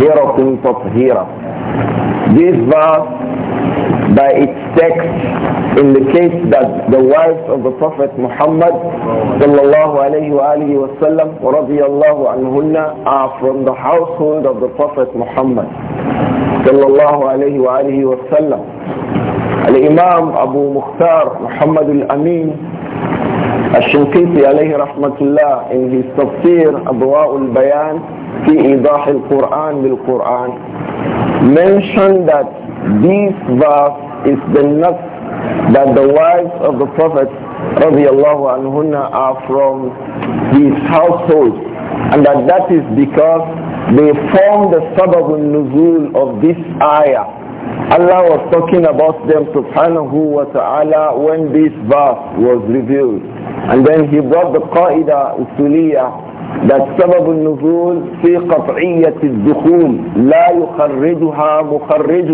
طاهرة تطهيرا This verse by its text indicates that the wives of the Prophet Muhammad sallallahu alayhi wa alihi wa sallam radiyallahu anhunna are from the household of the Prophet Muhammad sallallahu alayhi wa alihi wa sallam. Al-Imam Abu Mukhtar Muhammad al-Amin الشنقيطي عليه رحمة الله in his تفسير أضواء البيان في إيضاح القرآن بالقرآن mentioned that this verse is the nafs that the wives of the Prophet radiallahu anhunna are from These households, and that that is because they form the sabab nuzul of this ayah Allah was talking about them subhanahu wa ta'ala when this verse was revealed. And then he brought the qaida usuliyah that سبب النزول في قطعية الدخول لا يخرجها مخرج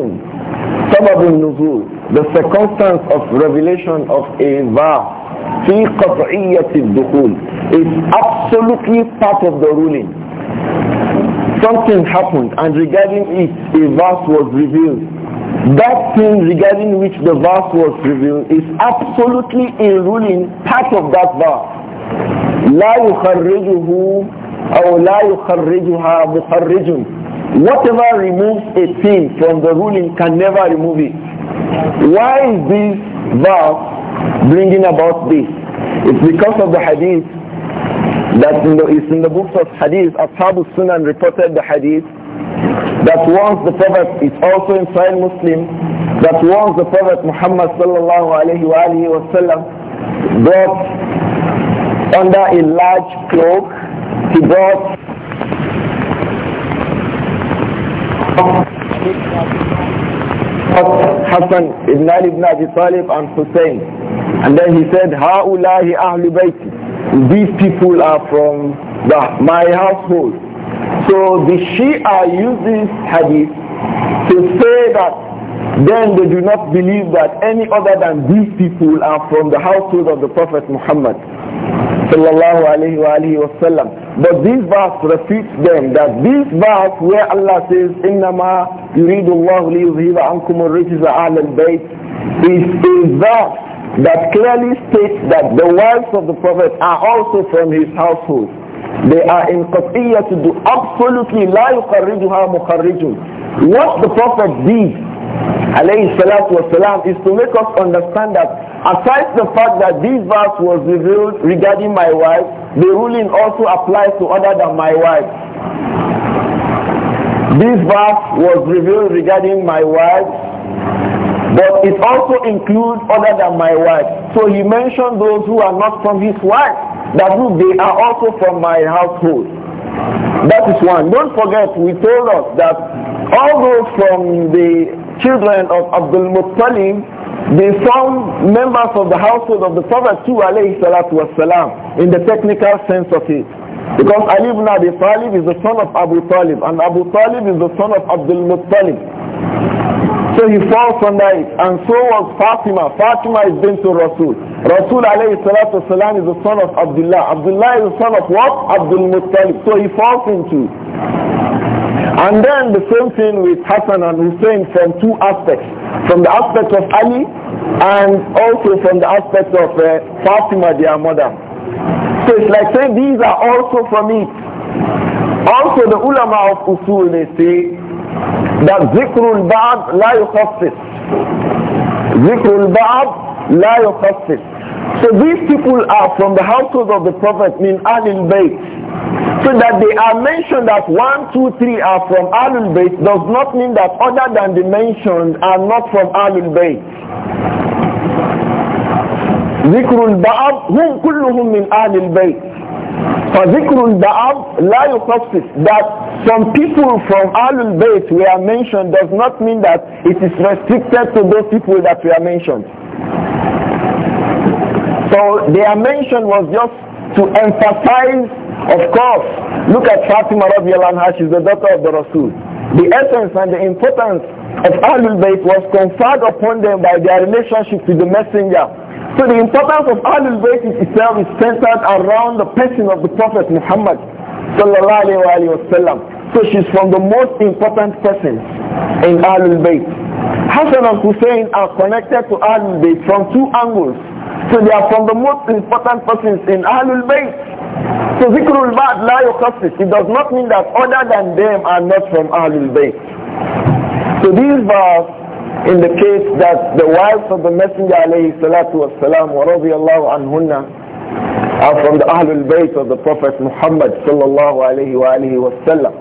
سبب النزول the circumstance of revelation of a verse في قطعية الدخول is absolutely part of the ruling something happened and regarding it a verse was revealed. That thing regarding which the verse was revealed is absolutely a ruling part of that verse. Whatever removes a thing from the ruling can never remove it. Why is this verse bringing about this? It's because of the hadith that in the, in the books of hadith, Ashab sunan reported the hadith, that once the Prophet, is also in Sahih Muslim, that once the Prophet Muhammad sallallahu alayhi wa alayhi wa sallam brought under a large cloak, he brought Hassan ibn Ali ibn Abi Talib and Hussein. And then he said, هؤلاء أهل بيتي these people are from the, my household. So the Shia use this hadith to say that then they do not believe that any other than these people are from the household of the Prophet Muhammad sallallahu alayhi wa alayhi wa sallam. But this verse refutes them that this verse where Allah says, إِنَّمَا يُرِيدُ اللَّهُ لِيُذْهِبَ عَنْكُمُ الرِّجْزَ أَعْلَى الْبَيْتِ is a verse that clearly states that the wives of the Prophet are also from his household. They are in qatiyya to do absolutely la yuqarrijuha muqarrijun. What the Prophet did, alayhi salatu wasalam, is to make us understand that aside the fact that this verse was revealed regarding my wife, the ruling also applies to other than my wife. This verse was revealed regarding my wife but it also includes other than my wife. So he mentioned those who are not from his wife. That who they are also from my household. That is one. Don't forget, we told us that all those from the children of Abdul Muttalib, they found members of the household of the Prophet too, alayhi salatu wasalam, in the technical sense of it. Because Ali ibn Abi Talib is the son of Abu Talib, and Abu Talib is the son of Abdul Muttalib. So he falls under it. And so was Fatima. Fatima is Ben to Rasul. Rasul alayhi salatu salam is the son of Abdullah. Abdullah is the son of what? Abdul Muttalib. So he falls into. And then the same thing with Hassan and Hussein from two aspects. From the aspect of Ali and also from the aspect of uh, Fatima, their mother. So it's like saying these are also from it. Also the ulama of Usul, they say, that zikrul ba لا la ذكر zikrul لا would so these people are from the household of the prophet mean alil bayt so that they are mentioned that one, two, three are from alim Bayt does not mean that other than the mentioned are not from alim Bayt. ذكر البعض هم كلهم من آل البيت فذكر البعض لا يخصص that some people from Ahlul Bayt are mentioned does not mean that it is restricted to those people that we are mentioned. So their mention was just to emphasize, of course, look at Fatima radiallahu anha, she's the daughter of the Rasul. The essence and the importance of Ahlul Bayt was conferred upon them by their relationship to the messenger. So the importance of Ahlul Bayt itself is centered around the person of the Prophet Muhammad sallallahu wa So she's from the most important persons in Ahlul Bayt. Hassan and Hussein are connected to Ahlul Bayt from two angles. So they are from the most important persons in Ahlul Bayt. So Zikrul Ba'd la yukhassis. It does not mean that other than them are not from Ahlul Bayt. So these verse indicate that the wives of the Messenger alayhi salatu wasalam wa radiyallahu anhunna are from the Ahlul Bayt of the Prophet Muhammad sallallahu alayhi wa alayhi wa sallam.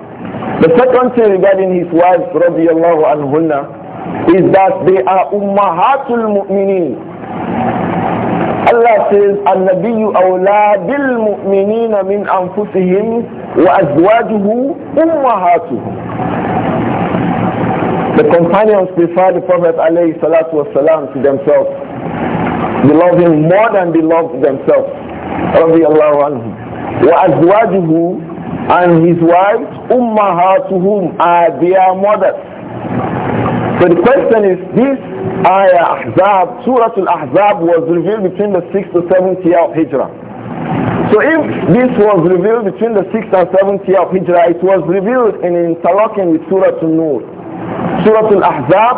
The second thing regarding his wives radiallahu anhunna is that they are ummahatul mu'mineen. Allah says, النبي أولى بالمؤمنين من أنفسهم وأزواجه أمهاتهم. The companions prefer the Prophet alayhi salatu wasalam to themselves. They love him more than they love themselves radiallahu anhu. وَأَزْوَاجُهُ And his wives, أُمَّهَاتُهُمْ are their mothers. So the question is, this ayah Ahzab, Surah Al-Ahzab was revealed between the 6th to 7th year of Hijrah. So if this was revealed between the 6th and 7th year of Hijrah, it was revealed in interlocking with Surah Al-Nur. Surah Al-Ahzab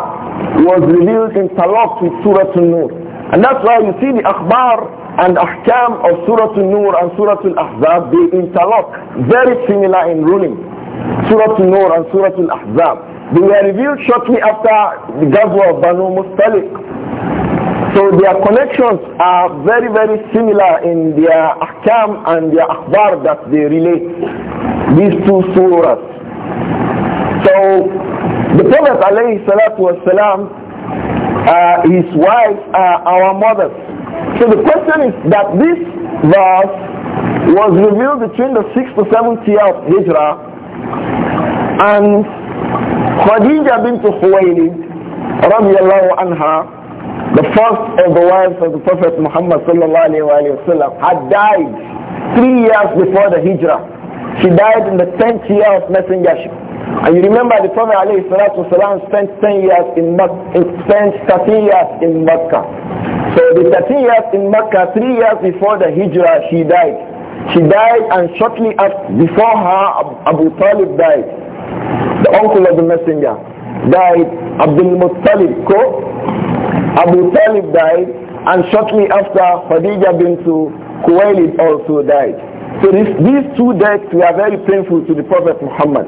was revealed in interlocked with Surah Al-Nur. And that's why you see the akhbar and ahkam of Surah An-Nur and Surah Al-Ahzab, they interlock, very similar in ruling. Surah An-Nur and Surah Al-Ahzab. They were revealed shortly after the Ghazwa of Banu Mustalik. So their connections are very, very similar in their ahkam and their akhbar that they relate. These two surahs. So the Prophet alayhi salatu salam uh, his wives are uh, our mothers. So the question is that this verse was revealed between the 6th to 7th year of Hijrah and Khadija bint Khuwaylid radiallahu anha the first of the wives of the Prophet Muhammad sallallahu alayhi wa sallam had died three years before the Hijrah. She died in the 10th year of messengership. And you remember the Prophet والسلام, spent 10 years in Mecca, spent 13 years in Mecca. So the 13 years in Mecca, 3 years before the Hijrah, she died. She died and shortly after, before her, Abu Talib died. The uncle of the messenger died. Abdul Muttalib Abu Talib died and shortly after Khadija bint Khuwailid also died. So this, these two deaths were very painful to the Prophet Muhammad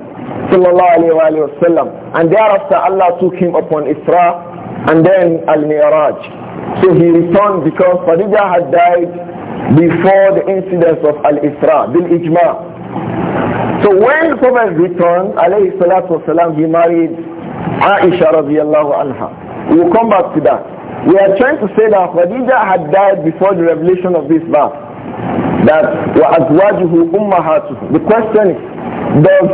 sallallahu alayhi And thereafter Allah took him upon Isra and then Al-Mi'raj. So he returned because Khadija had died before the incidents of Al-Isra, Bil-Ijma. So when the Prophet returned, alayhi salatu he married Aisha radiallahu anha. We will come back to that. We are trying to say that Khadija had died before the revelation of this verse that وَأَزْوَاجُهُ أُمَّهَاتُهُ The question is, does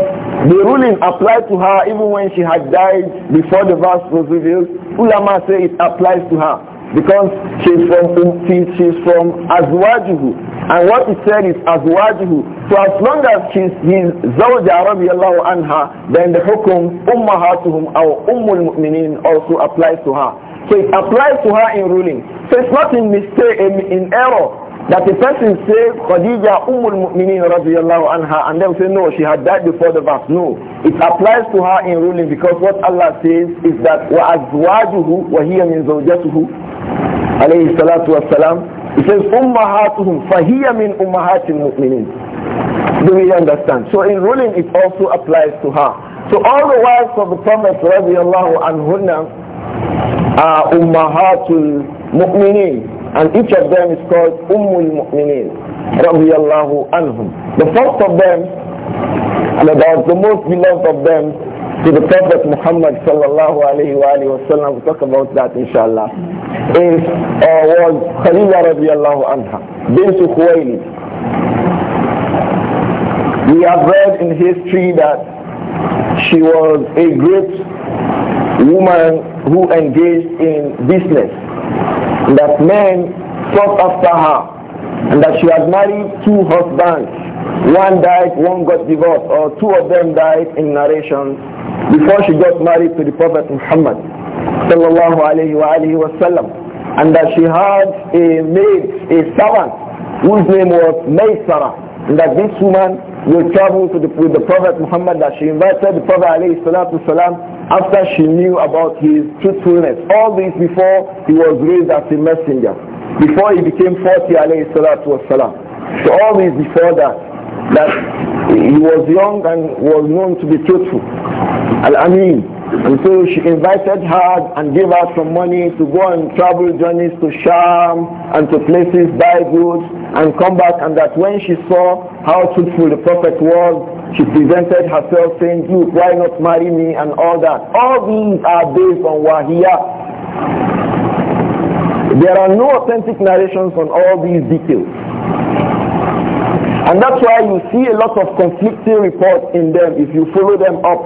the ruling apply to her even when she had died before the verse was revealed? Ulama say it applies to her because she's from she's from Azwajuhu and what it said is Azwajuhu so as long as she's his Zawja radiallahu anha then the hukum ummahatuhum or ummul mu'minin also applies to her so it applies to her in ruling so it's not in mistake in, in error that the person say Khadija Ummul Mu'minin radiyallahu anha and then say no she had died before the birth no it applies to her in ruling because what Allah says is that wa azwajuhu wa hiya min alayhi salatu salam he says ummahatuhum fa hiya min ummahatil mu'minin do we understand so in ruling it also applies to her so all the wives of the prophet and anhunna are ummahatul mu'minin and each of them is called Ummul Mu'mineen radiyallahu anhum. The first of them and about the most beloved of them to the Prophet Muhammad sallallahu alayhi wa alayhi wa sallam, we'll talk about that inshallah, is uh, was Khalilah radiallahu anha, bint Khuwaylid. We have read in history that she was a great woman who engaged in business that men sought after her and that she had married two husbands. One died, one got divorced, or two of them died in narration before she got married to the Prophet Muhammad sallallahu alayhi wa alayhi wasallam, and that she had a maid, a servant, whose name was Maysara, and that this woman will travel to the, with the Prophet Muhammad, that she invited the Prophet alayhi salatu salam after she knew about his truthfulness. All this before he was raised as a messenger, before he became 40 alayhi salatu wasalam. So all this before that, that he was young and was known to be truthful. Al-Amin. And so she invited her and gave her some money to go on travel journeys to Sham and to places, buy goods and come back and that when she saw how truthful the Prophet was, she presented herself saying, look, why not marry me and all that. All these are based on wahiya. There are no authentic narrations on all these details. And that's why you see a lot of conflicting reports in them if you follow them up.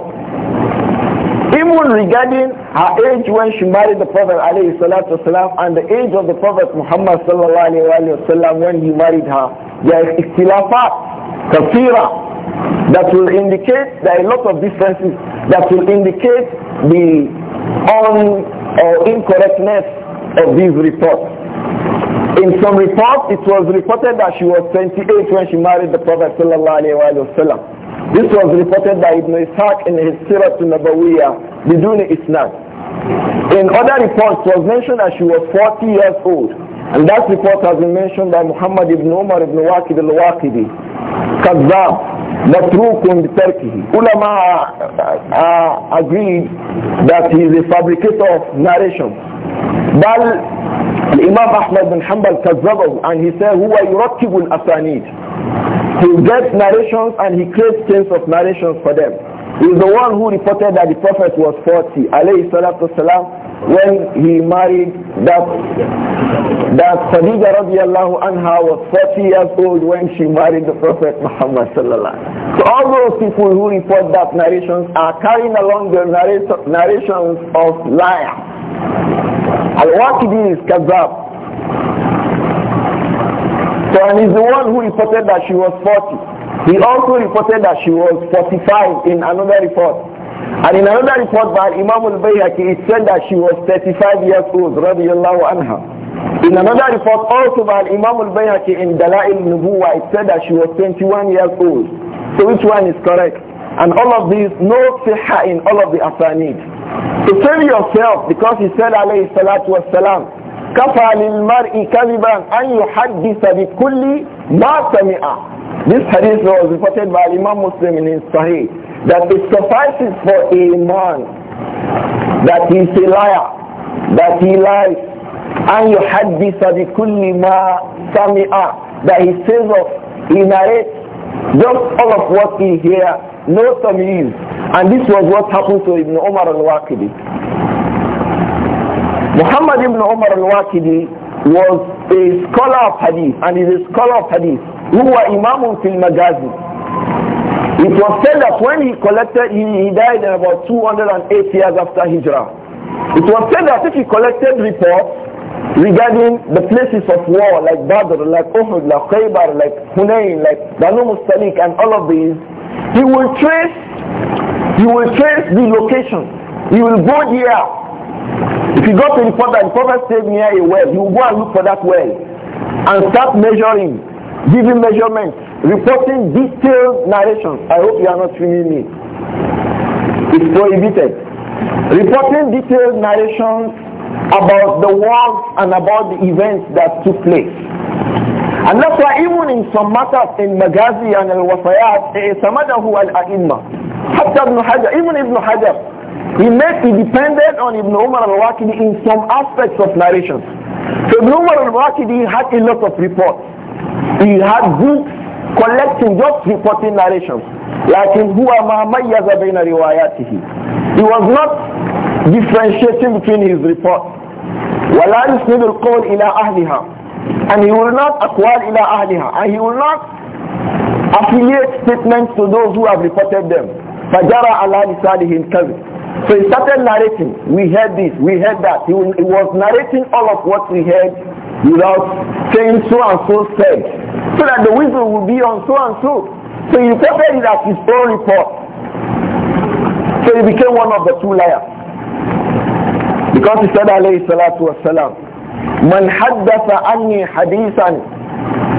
Even regarding her age when she married the Prophet alayhi and the age of the Prophet Muhammad sallallahu when he married her, there is ikhtilafat, kafira, that will indicate there are a lot of differences that will indicate the on or uh, incorrectness of these reports. In some reports, it was reported that she was 28 when she married the Prophet wasallam. This was reported by Ibn Ishaq in his Sirah to Nabawiyah, Biduni Isnad. In other reports, it was mentioned that she was 40 years old. And that report has been mentioned by Muhammad ibn Umar ibn Waqid al-Waqidi. Kazzab. متروك بتركه ulama uh, uh, agreed that he is a fabricator of narration But Imam Ahmad bin حنبل كذبه and he said هو يركب الأسانيد he gets narrations and he creates chains of narrations for them is the one who reported that the Prophet was 40, alayhi salatu salam, when he married that, that Khadija radiallahu anha was 40 years old when she married the Prophet Muhammad sallallahu So all those people who report that narrations are carrying along the narrations of liar. Al-Waqidi is kazab. So and is the one who reported that she was 40. He also reported that she was 45 in another report. And in another report by Imam al-Bayhaqi, it said that she was 35 years old, radiallahu anha. In another report also by Imam al-Bayhaqi in Dala'il Nubuwa, it said that she was 21 years old. So which one is correct? And all of these, no siha in all of the asanid. To so tell yourself, because he said alayhi salatu wassalam, كفى للمرء كذبا أن يحدث بكل ما سمع this hadith was reported by Imam Muslim in his Sahih that it suffices for a man that he is a liar, that he lies, and you had this kulli ma sami'a, that he says of, he narrates just all of what he hears, no tamiz, And this was what happened to Ibn Umar al-Waqidi. Muhammad ibn Umar al-Waqidi was a scholar of hadith and he's a scholar of hadith huwa imamun fil magazi it was said that when he collected, he, he died about 208 years after Hijrah. It was said that if he collected reports regarding the places of war like Badr, like Uhud, like Khaybar, like Hunayn, like Banu Mustalik and all of these, he will trace, he will trace the location. He will go there. If you go to the prophet, the prophet stayed near a well, he will go and look for that well and start measuring giving measurements, reporting detailed narrations. I hope you are not filming me. It's prohibited. Reporting detailed narrations about the wars and about the events that took place. And that's why even in some matters in Maghazi and Al-Wafayat, اعتمده الأئمة حتى al حجر, even Ibn Hajar, he made, he depended on Ibn Umar al-Waqidi in some aspects of narrations. So Ibn Umar al-Waqidi had a lot of reports. He had books collecting just reporting narrations. Like in Huwama Mayyaza Baina Riwayatihi. He was not differentiating between his reports. ولا يسند القول إلى أهلها and he will not acquire ila أهلها and he will not affiliate statements to those who have reported them فجرى على So he started narrating. We heard this, we heard that. He was narrating all of what we heard without saying so and so said, so that the wisdom will be on so and so. So he reported it as his own report. So he became one of the two liars. Because he said, alayhi salatu wasalam, من حدث عني حديثا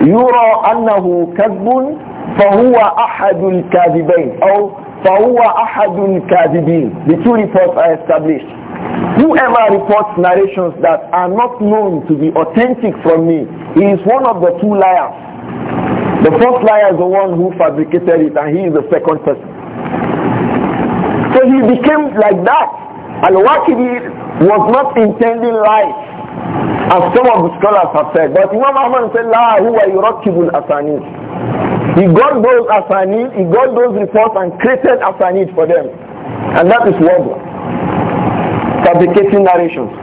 يرى أنه كذب فهو أحد الكاذبين أو فهو أحد الكاذبين. The two reports are established. Whoever reports narrations that are not known to be authentic from me, he is one of the two liars. The first liar is the one who fabricated it and he is the second person. So he became like that. and what he did was not intending lies, as some of the scholars have said. But Imam Ahmad said, La you yurakibul asanid. He got those asanid, he got those reports and created asanid for them. And that is wrong fabricating narrations.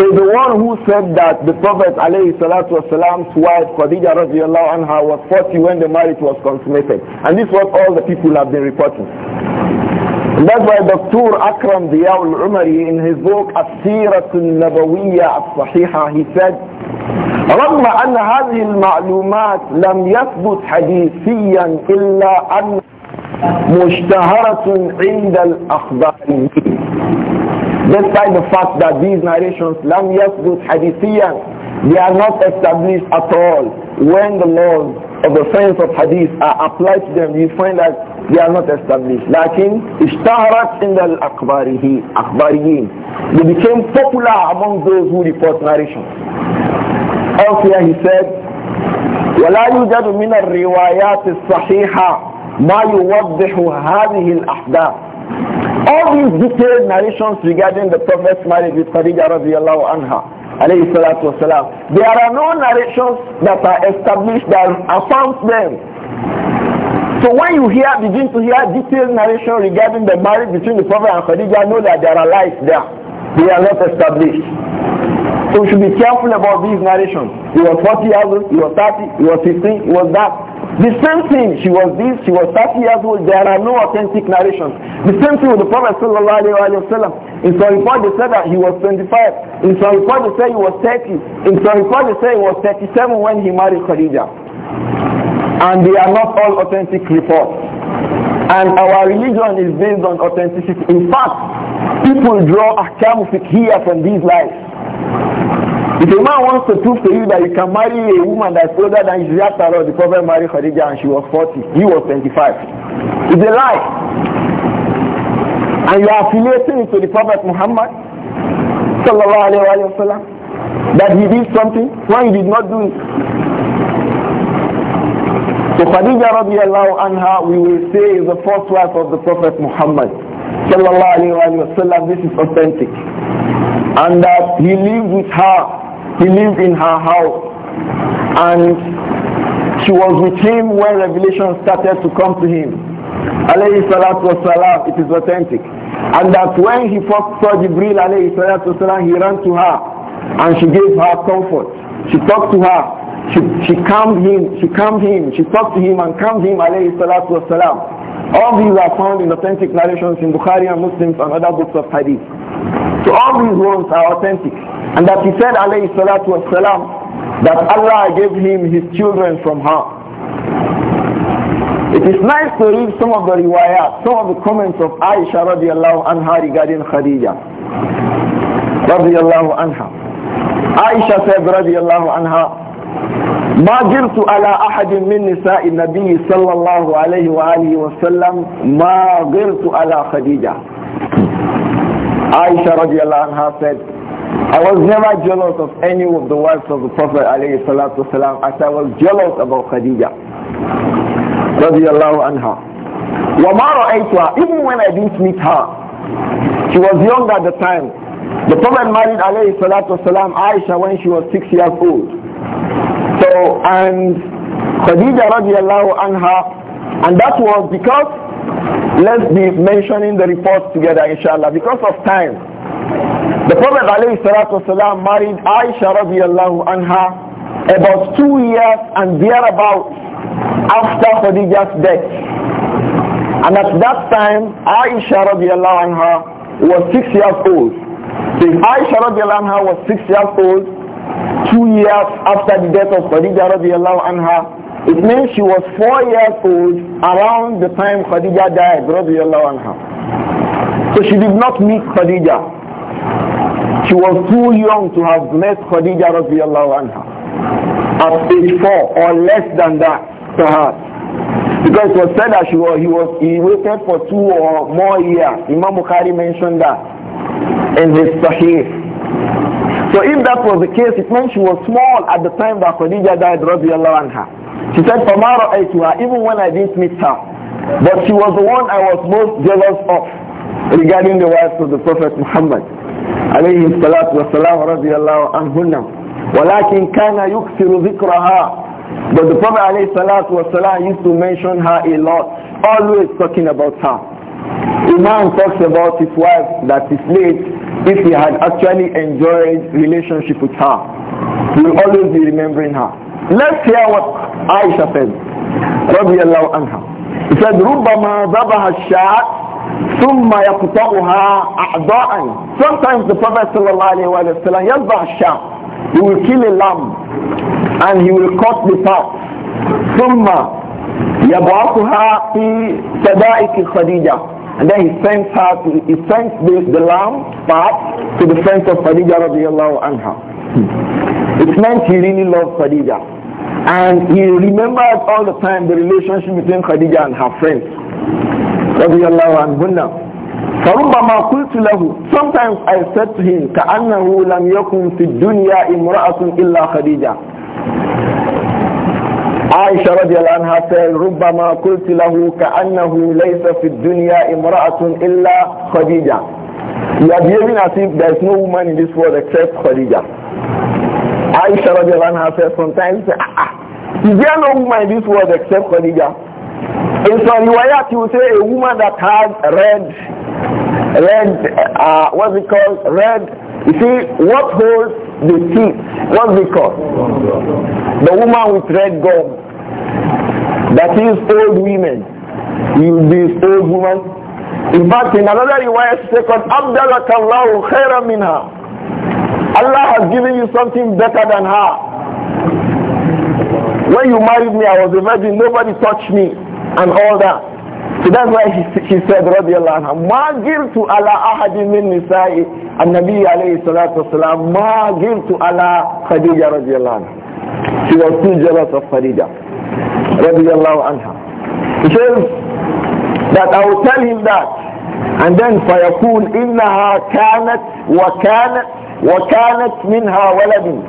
So the one who said that the Prophet Prophet's wife Khadija radiallahu anha was 40 when the marriage was consummated. And this was all the people have been reporting. And that's why Dr. Akram Diyaw al-Umari in his book As-Sirat al-Nabawiyya al-Sahiha he said رغم أن هذه المعلومات لم يثبت حديثيا إلا أن mushtaharatun عند akbarihi. Despite the fact that these narrations لم يثبت حديثيا they are not established at all when the laws of the science of hadith are applied to them you find that they are not established لكن اشتهرت عند akbarihi, akbarihi, they became popular among those who report narrations elsewhere he said ولا يوجد من الروايات الصحيحة ما يوضح هذه الأحداث All these detailed narrations regarding the Prophet's marriage with Khadija radiallahu anha alayhi salatu wasalam. There are no narrations that are established that affirms them. So when you hear, begin to hear detailed narration regarding the marriage between the Prophet and Khadija, know that there are lies there. They are not established. So we should be careful about these narrations. He was 40 years old, he was 30, he was 15, he was that. The same thing, she was this, she was 30 years old, there are no authentic narrations. The same thing with the Prophet sallallahu alayhi wa sallam. In some report they said that he was 25, in some report they say he was 30, in some report they say he was 37 when he married Khadija. And they are not all authentic reports. And our religion is based on authenticity. In fact, people draw ahkam here from these lies. If a man wants to prove to you that you can marry a woman that's older than you, after all, the Prophet married Khadija and she was 40, he was 25. It's a lie. And you are affiliating it to the Prophet Muhammad sallallahu alayhi wa sallam, that he did something when he did not do it. So Khadija radiallahu anha, we will say is the first wife of the Prophet Muhammad sallallahu alayhi wa sallam. This is authentic. And that he lived with her he lived in her house. And she was with him when revelation started to come to him. Alayhi salatu wasalam, it is authentic. And that when he first saw Jibril alayhi salatu wasalam, he ran to her and she gave her comfort. She talked to her. She, she calmed him, she calmed him, she talked to him and calmed him alayhi salatu wasalam. All these are found in authentic narrations in Bukhari and Muslims and other books of hadith. So all these ones are authentic. And that he said, alayhi salatu wasalam, that Allah gave him his children from her. It is nice to read some of the riwayat, some of the comments of Aisha radiallahu anha regarding Khadija. Radiallahu anha. Aisha said radiallahu anha, ما جرت على أحد من نساء النبي صلى الله عليه وآله وسلم ما جرت على خديجة عائشة رضي الله عنها said I was never jealous of any of the wives of the Prophet عليه الصلاة والسلام as I was jealous about خديجة رضي الله عنها وما رأيتها even when I didn't meet her she was young at the time the Prophet married عليه الصلاة والسلام Aisha when she was six years old So, and Khadija radiallahu anha, and that was because, let's be mentioning the reports together inshallah, because of time. The Prophet والسلام, married Aisha radiallahu anha about two years and thereabouts after Khadija's death. And at that time, Aisha radiallahu anha was six years old. So if Aisha radiallahu anha was six years old, two years after the death of Khadija radiallahu anha, it means she was four years old around the time Khadija died, radiallahu anha. So she did not meet Khadija. She was too young to have met Khadija radiallahu anha at age four or less than that, perhaps. Because it was said that she was, he, was, he waited for two or more years. Imam Bukhari mentioned that in his Sahih. So if that was the case, it meant she was small at the time that Khadija died, radiallahu anha. She said, Famara Aituha, even when I didn't meet her. But she was the one I was most jealous of regarding the wives of the Prophet Muhammad. عليه الصلاة والسلام رضي الله عنهن ولكن كان يكثر ذكرها But the Prophet عليه الصلاة والسلام used to mention her a lot, always talking about her. Imam talks about his wife that is late if he had actually enjoyed relationship with her. He will always be remembering her. Let's hear what Aisha said. رضي الله عنها. He said, ربما ذبح الشاة ثم يقطعها أعضاء. Sometimes the Prophet صلى الله عليه وسلم يذبح الشاة. He will kill a lamb and he will cut the parts. ثم يبعثها في سدائك خديجة. And then he sends her to, he sends the lamb back to the friends of Khadija radiallahu anha. It meant he really loved Khadija. And he remembered all the time the relationship between Khadija and her friends. Radiallahu anhunna. فربما قلت له sometimes I said to him كأنه لم يكن في الدنيا امرأة إلا خديجة عائشة رضي الله عنها said, رُبَّمَا قُلْتِ لَهُ كَأَنَّهُ لَيْسَ فِي الدُّنْيَا إِمْرَأَةٌ إِلَّا خَدِيجَةٌ You are behaving as if there is no woman in this world except Khadija. Aisha الله عنها said, sometimes, ah, ah, ah, is there no woman in this world except Khadija? In some riwayat, you say a woman that had red, red, uh, what's it called, red you see, what holds the teeth? What's it called? The woman with red gum. That is old women. You be old woman. In fact, in another riwayah, second, said, Abdalakallahu khairan minha. Allah has given you something better than her. When you married me, I was a virgin. Nobody touched me and all that. So that's why she, she said, "Rabbi anha, ma girtu ala ahadi min nisa'i, an-nabi alayhi salatu wasalam, ma girtu ala Khadija radiyallahu anha. She was too jealous of Khadija radiyallahu anha. He says that I will tell him that. And then فيقول إنها كانت وكانت وكانت منها ولدي.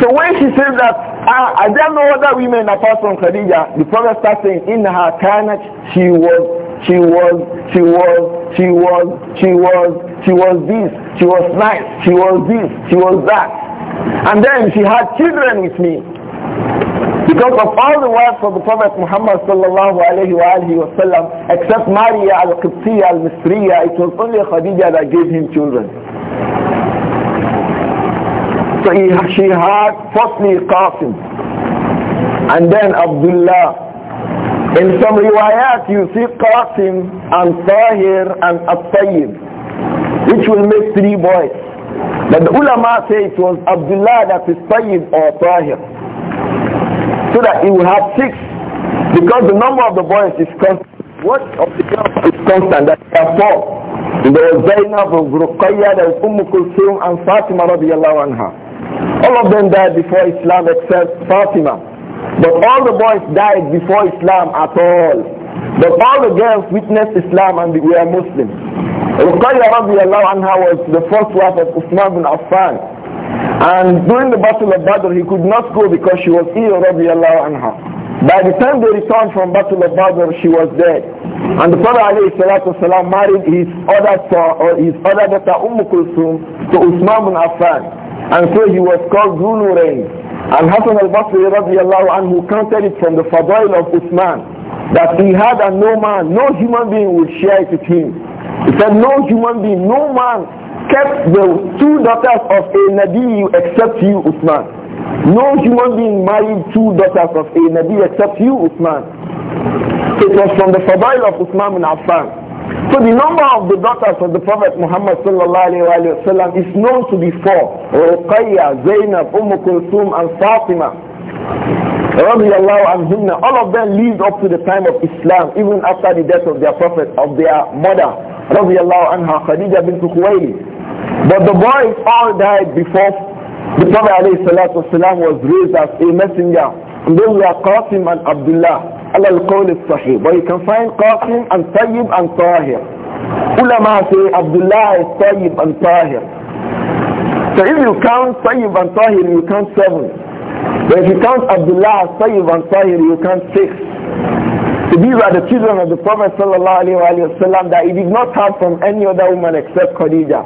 So when she says that Ah, I don't know other women apart from Khadija. The Prophet starts saying, in her carnage, she was, she was, she was, she was, she was, she was this, she was nice, she was this, she was that. And then she had children with me. Because of all the wives of the Prophet Muhammad sallallahu alayhi wa alayhi wa sallam, except Maria al-Qibtiyya al-Misriya, it was only Khadija that gave him children. So he, she had firstly Qasim and then Abdullah. In some riwayat you see Qasim and Tahir and at which will make three boys. But the ulama say it was Abdullah that is Tayyib or Tahir. So that he will have six because the number of the boys is constant. What of the girls is constant that there are four. There was Zainab, there was Ruqayya, Umm Kulthum and Fatima radiallahu anha. All of them died before Islam except Fatima. But all the boys died before Islam at all. But all the girls witnessed Islam and were Muslims. Ruqayya radiallahu anha was the first wife of Uthman bin Affan. And during the Battle of Badr, he could not go because she was ill radiallahu anha. By the time they returned from Battle of Badr, she was dead. And the Prophet ﷺ married his other son, or his other daughter Umm Kulsum to Uthman bin Affan. And so he was called Zunurain. And Hassan al-Basri radiallahu anhu counted it from the fadail of Uthman that he had and no man, no human being would share it with him. He said no human being, no man kept the two daughters of a Nabi except you, Uthman. No human being married two daughters of a Nabi except you, Uthman. It was from the fadail of Uthman bin Affan. So the number of the daughters of the Prophet Muhammad wasallam is known to be four. Ruqayya, Zainab, Umm Kulthum and Fatima. All of them lived up to the time of Islam, even after the death of their Prophet, of their mother, radiallahu anha, Khadija bint Khuwaili. But the boys all died before the Prophet wasallam was raised as a messenger. And those were Qasim and Abdullah. على القول الصحيح but كان فاين قاسم ان طيب ان طاهر Tahir ulama say Abdullah is Tayyib and Tahir so if you count Tayyib and Tahir you count seven but if you count Abdullah as Tayyib and Tahir you count six so these are the children of the Prophet sallallahu alayhi wa that he did not have from any other woman except Khadija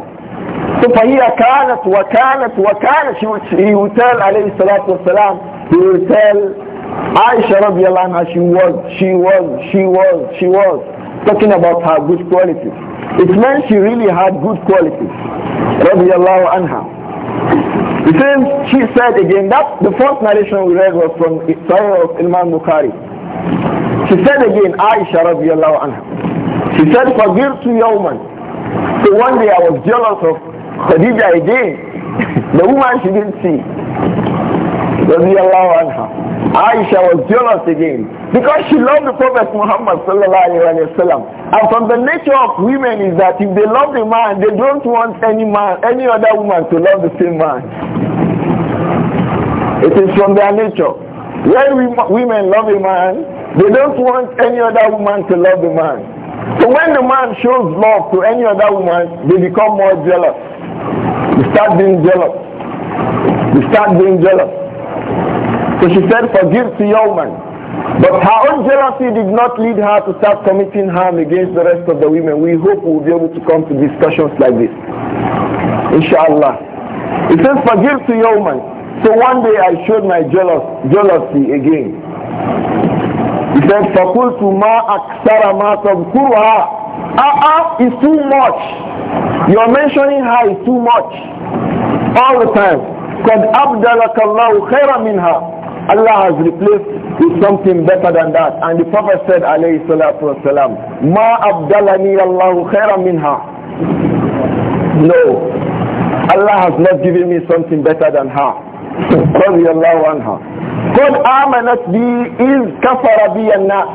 so فهي كانت وكانت وكانت she would, he would tell عليه الصلاة والسلام he would tell Aisha radiallahu anha, she was, she was, she was, she was, talking about her good qualities. It meant she really had good qualities, radiallahu anha. It says, she said again, that the first narration we read was from Sahih of Imam Bukhari. She said again, Aisha radiallahu anha, she said, forgive to Yawman. So one day I was jealous of Khadija again, the woman she didn't see radiallahu anha. Aisha was jealous again because she loved the Prophet Muhammad sallallahu And from the nature of women is that if they love a the man, they don't want any man, any other woman to love the same man. It is from their nature. When women love a man, they don't want any other woman to love the man. So when the man shows love to any other woman, they become more jealous. They start being jealous. They start being jealous. So she said, forgive to Yawman. But her own jealousy did not lead her to start committing harm against the rest of the women. We hope we'll be able to come to discussions like this. Inshallah. It says, forgive to Yawman. So one day I showed my jealous, jealousy again. He said, فَقُلْتُ مَا أَكْثَرَ مَا تَذْكُرُهَا Ah, ah is too much. You're mentioning her is too much. All the time. قد أبدلك الله خيرا منها Allah has replaced with something better than that. And the Prophet said, alayhi salatu wasalam, Ma abdalani Allahu khairan minha. No. Allah has not given me something better than her. رضي الله عنها. قد آمنت بي إذ كفر بي الناس.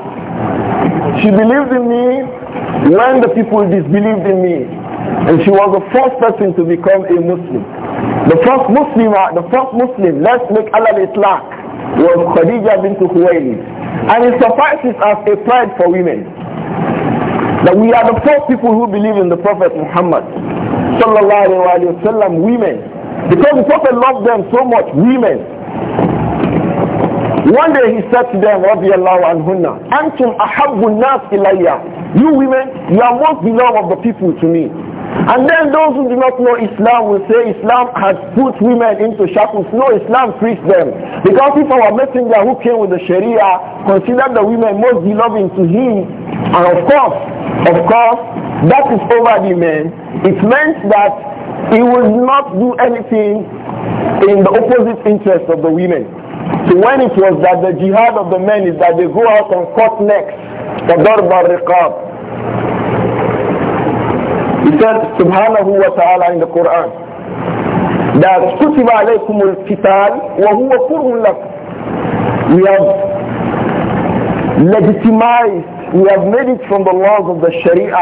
She believed in me when the people disbelieved in me. And she was the first person to become a Muslim. The first Muslim, uh, the first Muslim, let's make Allah Islam, was Khadija bint Khuwaylid. And it suffices as a pride for women. That we are the first people who believe in the Prophet Muhammad. Sallallahu Alaihi Wasallam, women. Because the Prophet loved them so much, women. One day he said to them, Radiallahu anhunna, Antum ahabbun nas ilayya. You women, you are most beloved of the people to me. And then those who do not know Islam will say Islam has put women into shackles. No, Islam frees them. Because if our messenger who came with the Sharia considered the women most beloved to him, and of course, of course, that is over the men, it meant that he would not do anything in the opposite interest of the women. So when it was that the jihad of the men is that they go out and cut necks, the Darbar Riqab, he said, subhanahu wa ta'ala in the Quran, that كتب عليكم وهو كره لكم. We have legitimized, we have made it from the laws of the Sharia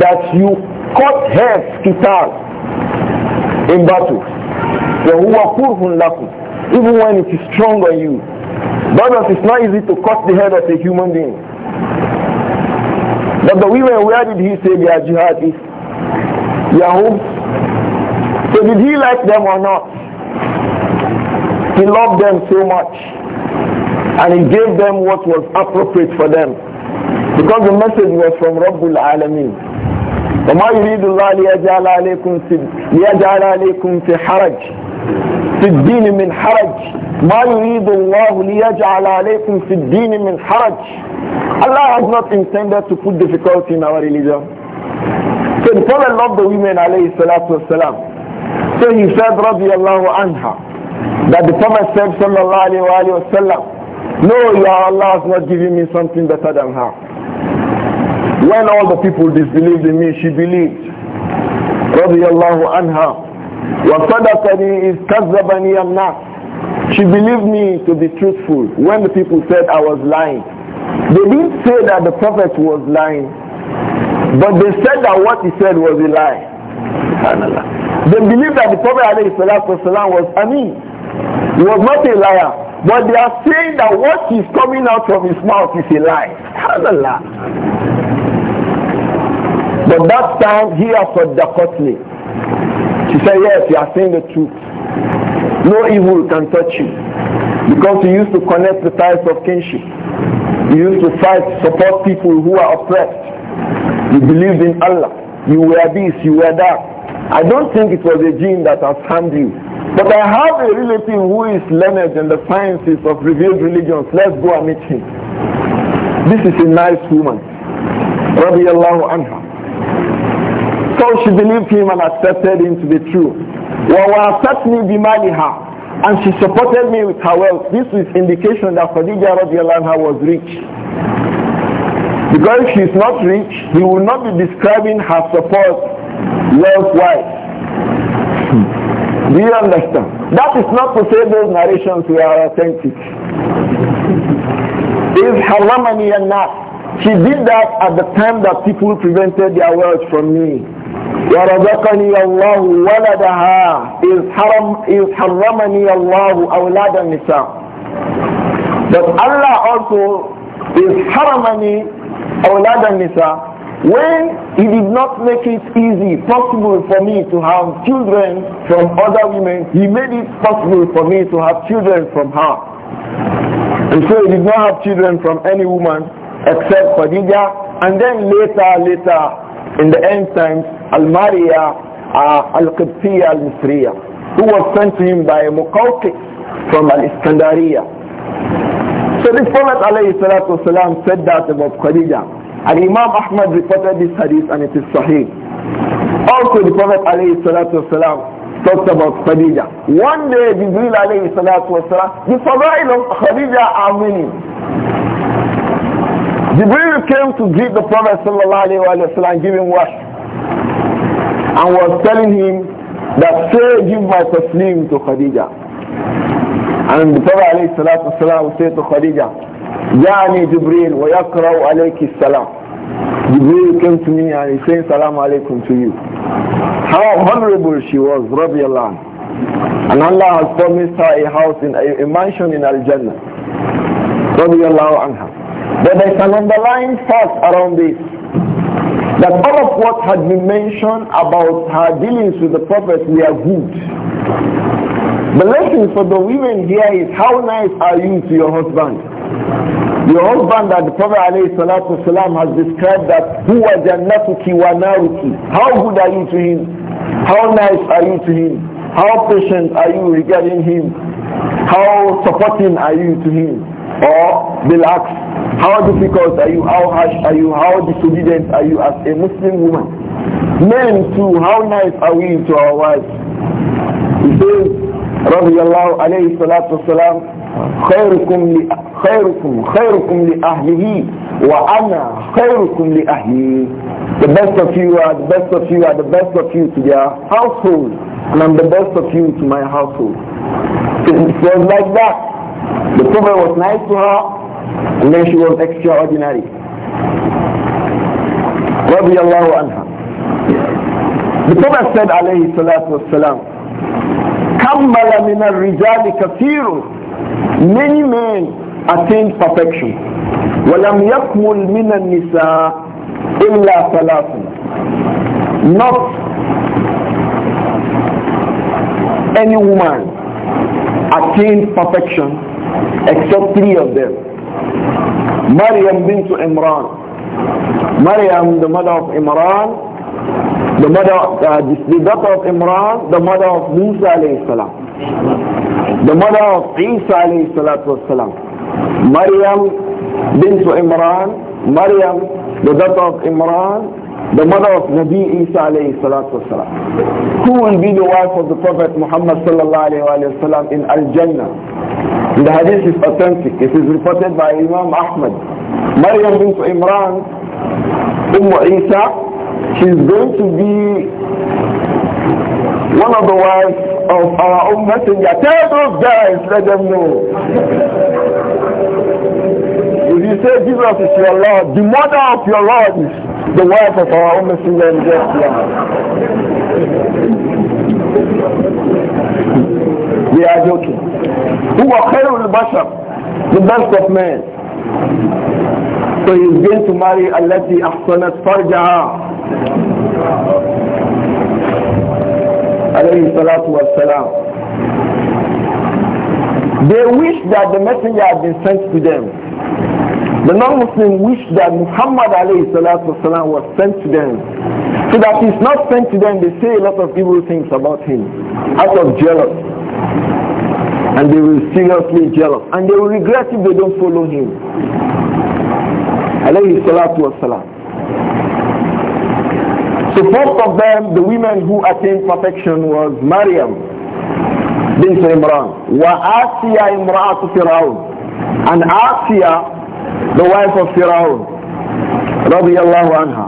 that you cut heads, qital, in battle. وهو كره لكم. Even when it is strong on you. Brothers, it's not easy to cut the head of a human being. But the women, where did he say their jihad is? Yahoo. So did he like them or not? He loved them so much. And he gave them what was appropriate for them. Because the message was from Rabbul Alameen. وما يريد الله ليجعل عليكم ليجعل عليكم في حرج في الدين من حرج ما يريد الله ليجعل عليكم في الدين من حرج Allah has not intended to put difficulty in our religion so the Prophet loved the women alayhi salatu wasalam. So he said radiallahu anha that the Prophet said sallallahu alayhi wa sallam, No, your Allah has not given me something better than her. When all the people disbelieved in me, she believed. Radiallahu anha. وَصَدَقَنِي إِذْ كَذَّبَنِي النَّاسِ She believed me to be truthful when the people said I was lying. They didn't say that the Prophet was lying. But they said that what he said was a lie. They believe that the Prophet was Amin. He was not a liar. But they are saying that what is coming out from his mouth is a lie. But that time he has me. She said, yes, you are saying the truth. No evil can touch you. Because he used to connect the ties of kinship. He used to fight, support people who are oppressed. You believed in Allah. You were this, you were that. I don't think it was a jinn that has harmed you. But I have a relative who is learned in the sciences of revealed religions. Let's go and meet him. This is a nice woman. Radiallahu anha. So she believed him and accepted him to be true. وَوَاسَتْنِي بِمَالِهَا And she supported me with her wealth. This is indication that Khadija radiallahu anha was rich. Because she is not rich, he will not be describing her support love wife. Do you understand? That is not to say those narrations were authentic. If Haramani and not, she did that at the time that people prevented their wealth from me. ورزقني الله ولدها إذ حرم إذ حرمني الله أولاد النساء. But Allah also is haramani أولاد النساء when he did not make it easy possible for me to have children from other women he made it possible for me to have children from her and so he did not have children from any woman except Khadija and then later later in the end times Al-Mariya uh, al Qibtiya, Al-Misriya who was sent to him by Muqawqi from Al-Iskandariya so this Prophet والسلام, said that about Khadija. And Imam Ahmad reported this hadith and it is Sahih. Also the Prophet والسلام, talked about Khadija. One day Jibreel والسلام, the Fadail of Khadija are many. Jibreel came to greet the Prophet وسلم, giving wash and was telling him that say give my taslim to Khadija. And the Prophet alayhi salatu wasalam said to Khadija, Ja'ani Jibreel wa yakra'u alayki salam. came to me and he said salam alaykum to you. How honorable she was, radiallahu And Allah has promised her a house, in a, a mansion in Al-Jannah, radiallahu anha. But there is an underlying fact around this that all of what had been mentioned about her dealings with the Prophet were good. The lesson for the women here is how nice are you to your husband. Your husband that the Prophet has described that huwa jannatuki wa naruki. How good are you to him? How nice are you to him? How patient are you regarding him? How supporting are you to him? Or relax. How difficult are you? How harsh are you? How disobedient are you as a Muslim woman? Men too, how nice are we to our wives? He says, رضي الله عليه الصلاة والسلام خيركم خيركم خيركم لأهله وأنا خيركم لأهلي The best of you are the best of you are the best of you to your household and I'm the best of you to my household. It was like that. The Prophet was nice to her and then she was extraordinary. رضي الله عنها. The Prophet said عليه الصلاة والسلام تحمل من الرجال كثير many men attained perfection ولم يكمل من النساء إلا ثلاث not any woman attained perfection except three of them Maryam bint Imran Maryam the mother of Imran the mother, uh, the daughter of Imran, the mother of Musa salam, the mother of Isa alayhi salatu wasalam, Maryam bint Imran, Maryam, the daughter of Imran, the mother of Nabi Isa alayhi Who will be the wife of the Prophet Muhammad sallallahu wasallam in Al-Jannah? The hadith is authentic. It is reported by Imam Ahmad. Maryam bint Imran, Umm Isa, she's going to be one of the wives of our own messenger. Tell those guys, let them know. if you say Jesus is your Lord, the mother of your Lord is the wife of our own messenger and just They are joking. Who are Khairul Bashar, the best of men. So he's going to marry a Alati Ahsanat Farjaha, they wish that the messenger had been sent to them. The non-Muslim wish that Muhammad alayhi salatu was sent to them. So that he's not sent to them, they say a lot of evil things about him out of jealousy. And they will seriously jealous. And they will regret if they don't follow him. Alayhi salatu the first of them, the women who attained perfection was Maryam bint Imran, wa Asiya imra'atu Fir'aun, and Asiya, the wife of Fir'aun, radiyallahu anha,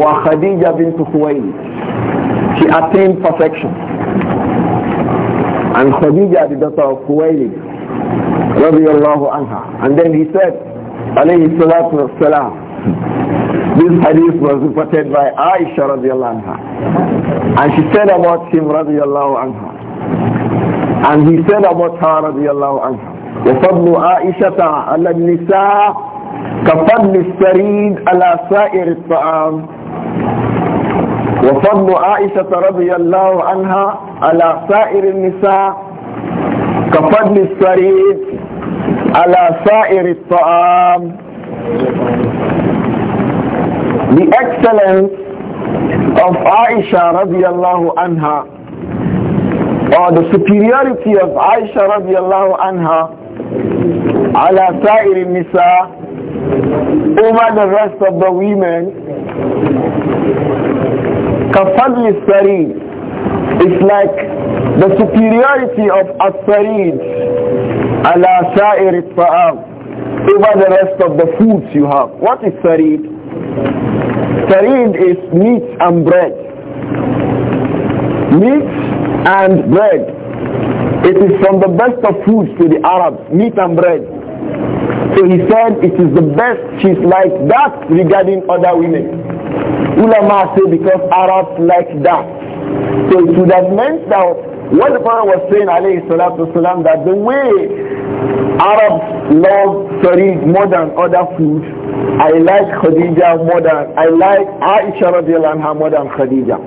wa Khadija bint Khuwaylid. She attained perfection. And Khadija, the daughter of Khuwaylid, radiyallahu anha. And then he said, alayhi salatu salam, This hadith was reported by Aisha radiallahu anha. And she said about him radiallahu anha. And he said about her radiallahu anha. وفضل عائشة على النساء كفضل السريد على سائر الطعام وفضل عائشة رضي الله عنها على سائر النساء كفضل السريد على سائر الطعام The excellence of Aisha radiallahu anha or the superiority of Aisha radiallahu anha ala sa'ir nisa over the rest of the women kafadli sarid is like the superiority of as-sarid ala sa'ir ta'am over the rest of the foods you have what is sarid Tarid is meat and bread. Meat and bread. It is from the best of foods to the Arabs, meat and bread. So he said it is the best. She's like that regarding other women. Ulama say because Arabs like that. So it would have meant that when the Prophet was saying, alayhi salatu wasalam, that the way Arabs love Tariq more than other food, I like Khadija more than, I like Aisha radiallahu anha more than Khadija.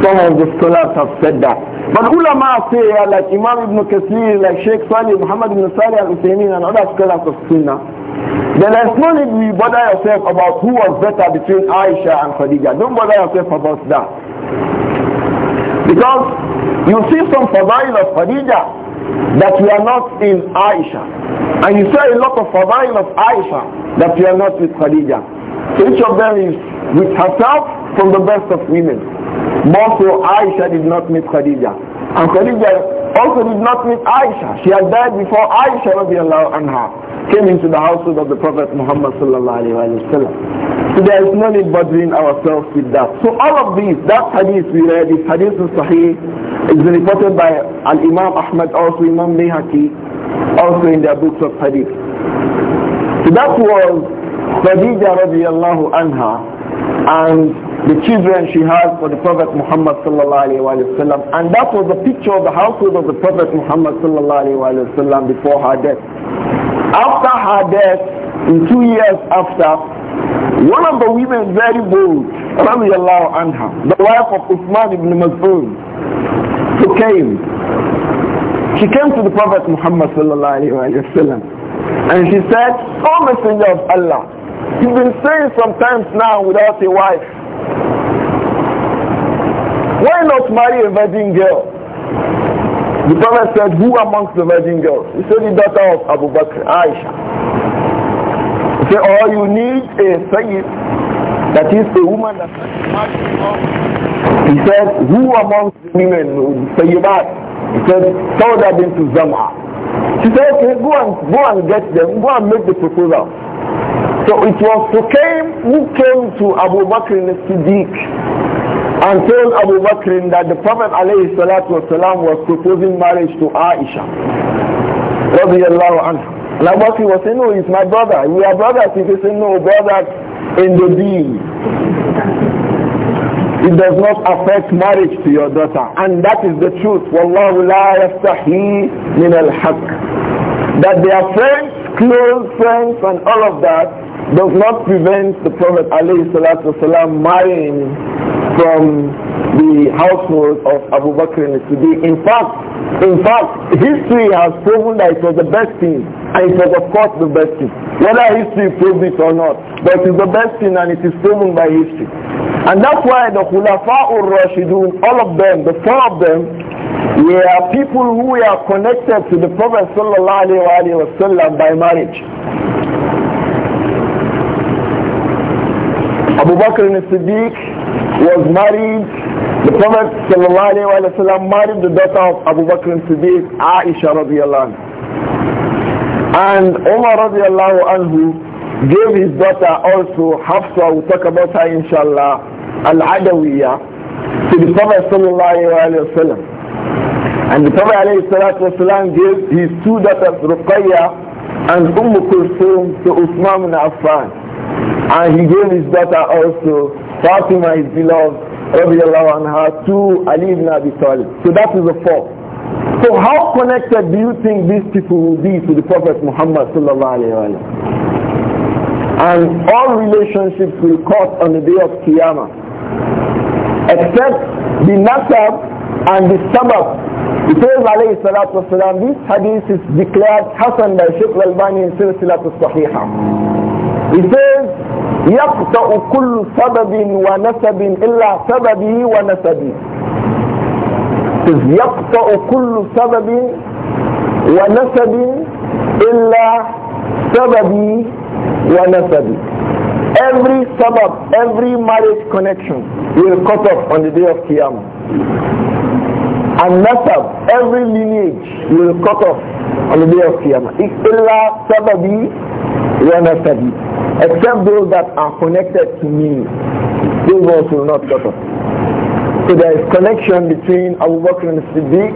Some of the scholars have said that. But ulama say, like Imam Ibn Kathir, like Sheikh Salih, Muhammad Ibn Salih al-Uthaymeen and other scholars of Sunnah, then there's no need you bother yourself about who was better between Aisha and Khadija. Don't bother yourself about that. Because you see some fadail of Khadija that you are not in Aisha. And you see a lot of fadail of Aisha that you are not with Khadija. So each of them is with herself from the best of women. More so Aisha did not meet Khadija. And Khadija also did not meet Aisha. She had died before Aisha radiallahu anha came into the household of the Prophet Muhammad sallallahu So there is no need bothering ourselves with that. So all of these, that hadith we read is hadith of Sahih, is reported by Al-Imam Ahmad, also Imam Bayhaqi, also in their books of hadith. So that was Khadija radiallahu anha and the children she had for the Prophet Muhammad sallallahu And that was the picture of the household of the Prophet Muhammad sallallahu before her death. After her death, in two years after, one of the women, very bold, radiallahu anha, the wife of Uthman ibn Mas'ud, who came, she came to the Prophet Muhammad sallallahu alayhi wa sallam, and she said, O oh, Messenger of Allah, you've been saying sometimes now without a wife, why not marry a virgin girl? The Prophet said, who amongst the virgin girls? He said, the daughter of Abu Bakr, Aisha. He said, or oh, you need a sayyid, that is the woman that He said, who amongst the women, sayyidat? He said, Sauda to Zam'a. She said, okay, go and, go and get them, go and make the proposal. So it was who came, who came to Abu Bakr as Siddiq and told Abu Bakr that the Prophet alayhi salatu wasalam was proposing marriage to Aisha. Radiallahu anha. And Abu Bakr was saying, no, he's my brother. We are brothers. He said, no, brothers in the deen. It does not affect marriage to your daughter. And that is the truth. Wallahu la yastahi min al-haq. That they are friends, close friends and all of that does not prevent the Prophet alayhi salatu wasalam marrying from the household of Abu Bakr al-Siddiq. In fact, in fact, history has proven that it was the best thing, and it was of course the best thing. Whether history proved it or not, but it is the best thing and it is proven by history. And that's why the Khulafa ur rashidun all of them, the four of them, were people who were connected to the Prophet wasallam by marriage. Abu Bakr al-Siddiq was married, the Prophet وسلم, married the daughter of Abu Bakr Siddiq, Aisha radiallahu anhu. And Umar radiallahu anhu gave his daughter also Hafsa, we'll talk about her inshallah, Al-Adawiyya, to the Prophet sallallahu And the Prophet wasallam gave his two daughters Ruqayya and Umm Kulthum to Uthman ibn Affan. And he gave his daughter also Fatima is beloved, radiallahu anha, to Ali ibn Abi Talib. So that is the fault. So how connected do you think these people will be to the Prophet Muhammad And all relationships will cut on the day of Qiyamah. Except the nasab and the sabab it says alayhi salatu wasalam, this hadith is declared Hassan by Sheikh Al-Albani in Silsilat al He says, يقطع كل سبب ونسب إلا سببه ونسبه إذ يقطع كل سبب ونسب إلا سببي ونسبي Every sabab, every marriage connection will cut off on the day of Qiyamah. And nasab, every lineage will cut off on the day of Qiyamah. Except those that are connected to me, those ones will not cut off. So there is connection between Abu Bakr and Siddiq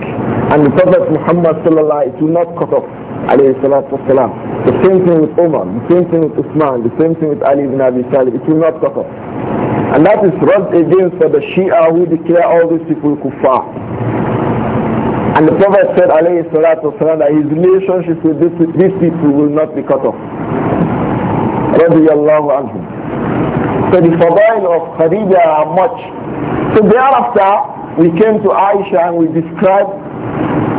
and the Prophet Muhammad sallallahu it will not cut off. The same thing with Oman. the same thing with Usman, the same thing with Ali ibn Abi Talib, it will not cut off. And that is rubbed against for the Shia who declare all these people kuffar. And the Prophet said, alayhi salatu wasalam, that his relationship with, this, these people will not be cut off. Radiallahu anhum. So the fadail of Khadija are much. So thereafter, we came to Aisha and we described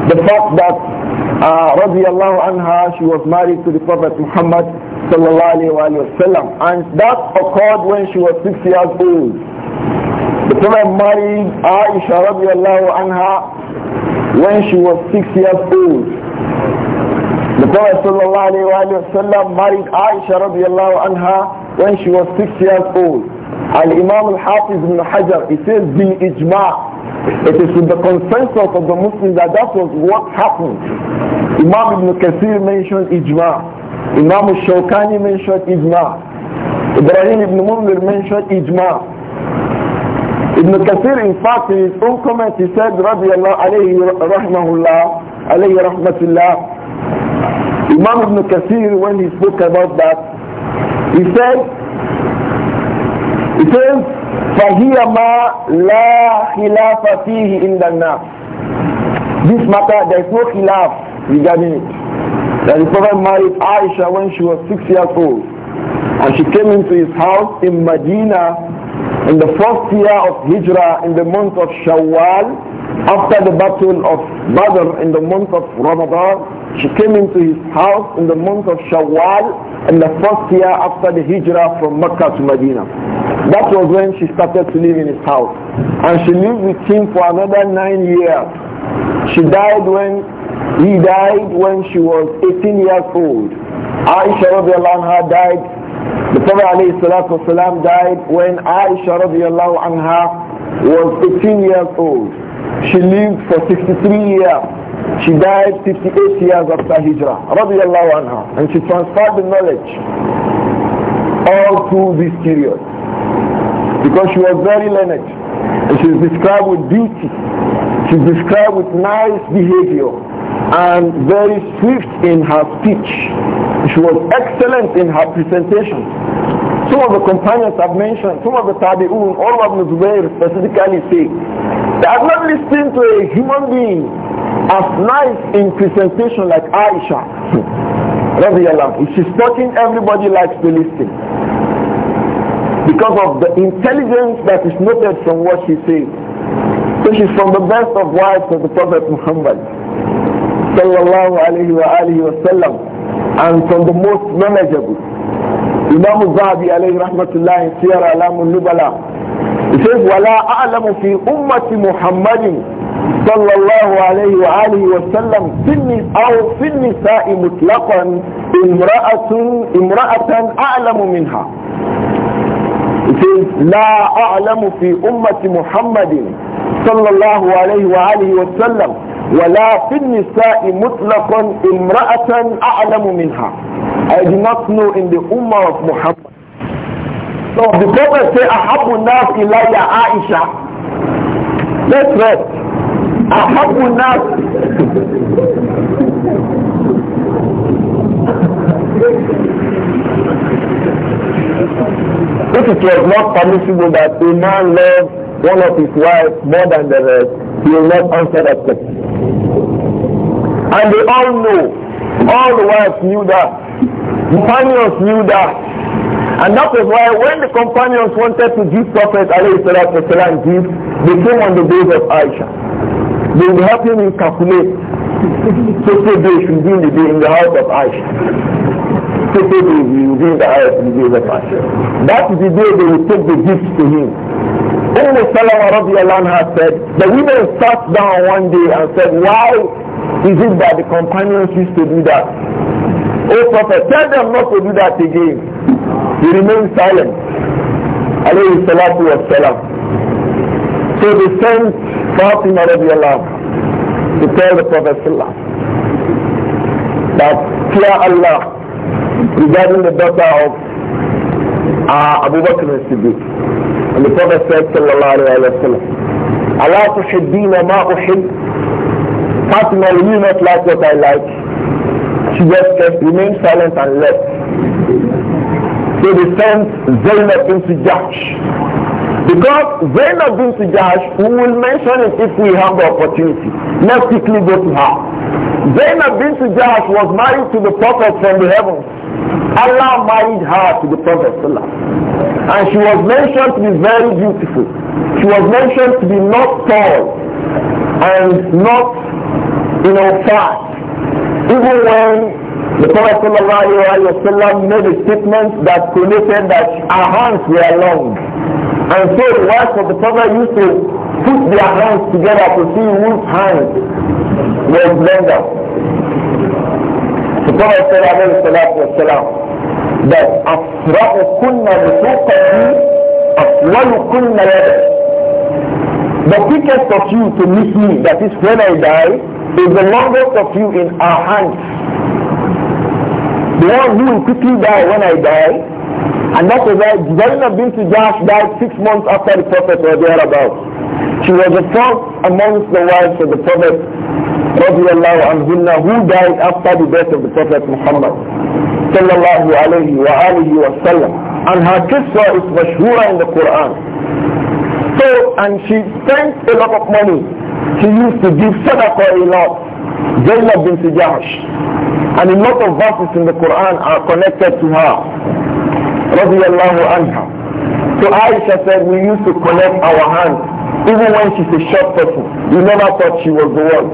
the fact that uh, radiallahu anha, she was married to the Prophet Muhammad sallallahu alayhi wa sallam. And that occurred when she was six years old. The Prophet married Aisha radiallahu anha when she was six years old. The Prophet ﷺ married Aisha radiallahu anha when she was six years old. Al-Imam al-Hafiz ibn Hajar, he says, bil ijma' It is with the consensus of the Muslims that that was what happened. Imam Ibn Kathir mentioned Ijma. Imam Shawkani mentioned Ijma. Ibrahim Ibn Munzir mentioned Ijma. Ibn Kathir, in fact, in his own comment, he said, رضي الله عليه رحمه الله, عليه رحمة الله, Imam Ibn Kathir, when he spoke about that, he said, he says, فَهِيَ مَا لَا خِلَافَ فِيهِ إِنْ النَّاسِ This matter, there is no khilaf regarding it. That the Prophet married Aisha when she was six years old. And she came into his house in Medina in the first year of Hijrah in the month of Shawwal after the battle of Badr in the month of Ramadan she came into his house in the month of Shawwal in the first year after the Hijrah from Mecca to Medina that was when she started to live in his house and she lived with him for another nine years she died when he died when she was 18 years old Aisha radiallahu anha died the Prophet ﷺ died when Aisha radiallahu anha was 18 years old. She lived for 63 years. She died 58 years after Hijrah radiallahu anha. And she transferred the knowledge all through this period. Because she was very learned. And she's described with beauty. She's described with nice behavior and very swift in her speech. She was excellent in her presentation. Some of the companions have mentioned, some of the Tabi'un, all of them very specifically say, they have not listened to a human being as nice in presentation like Aisha. if she's talking, everybody likes to listen. Because of the intelligence that is noted from what she says. So she's from the best of wives of the Prophet Muhammad. Sallallahu alayhi wa alayhi wa sallam. And from the most knowledgeable. إمام الذهبي عليه رحمة الله سير آلام النبلاء يقول ولا أعلم في أمة محمد صلى الله عليه وآله وسلم في أو في النساء مطلقا امرأة امرأة أعلم منها يقول لا أعلم في أمة محمد صلى الله عليه وآله وسلم ولا في النساء مطلقا امرأة أعلم منها I do not know in the Ummah of Muhammad So the Prophet say أحب الناس إلي عائشة Let's read أحب الناس If it was not permissible that a man loves one of his wives more than the rest, he will not answer that question. And they all know, all the wives knew that, companions knew that. And that was why when the companions wanted to give Prophet alayhi salatu wasalam gifts, they came on the day of Aisha. They were helping him calculate so say they should be in the, in the house of Aisha. So say they will be in the house in the of Aisha. That is the day they will take the gifts to him. Umm Salama radiallahu has said, the women sat down one day and said, why is it that the companions used to do that? Oh Prophet, tell them not to do that again. He remained silent. Alayhi salatu wassalam. So they sent Fatima radiallahu to tell the Prophet that fear Allah regarding the daughter of uh, Abu Bakr as-Siddiq. And the Prophet said, sallallahu alayhi wasallam, sallam, Allah tuhibdina ma uhib. Fatima, you not like what I like. She just kept, remained silent and left. So they sent Zainab into Jash. Because Zainab into Jash, we will mention it if we have the opportunity. Let's quickly go to her. Zainab bin Jahsh was married to the Prophet from the heavens. Allah married her to the Prophet and she was mentioned to be very beautiful. She was mentioned to be not tall and not, you know, fat. Even when the Prophet ﷺ made a statement that connoted that her hands were long. And so the wives of the Prophet used to put their hands together to see whose hand was longer. The Prophet said, alayhi salatu wasalam, that أَفْرَأُ كُنَّ رِسُوقًا أَفْوَلُ كُنَّ يَدًا The quickest of you to meet me, that is when I die, is the longest of you in our hands. The one who will quickly die when I die, and that is why Zainab bint Jash died six months after the Prophet was thereabouts. She was the first amongst the wives of the Prophet radiallahu anhunna who died after the death of the Prophet Muhammad sallallahu alayhi wa alihi wa sallam. And her qiswa is mashhura in the Quran. So, and she spent a lot of money. She used to give sadaqah a lot. Zainab bin Sijash, And a lot of verses in the Quran are connected to her. Radiallahu anha. So Aisha said, we used to collect our hands even when she's a short person, we never thought she was the one.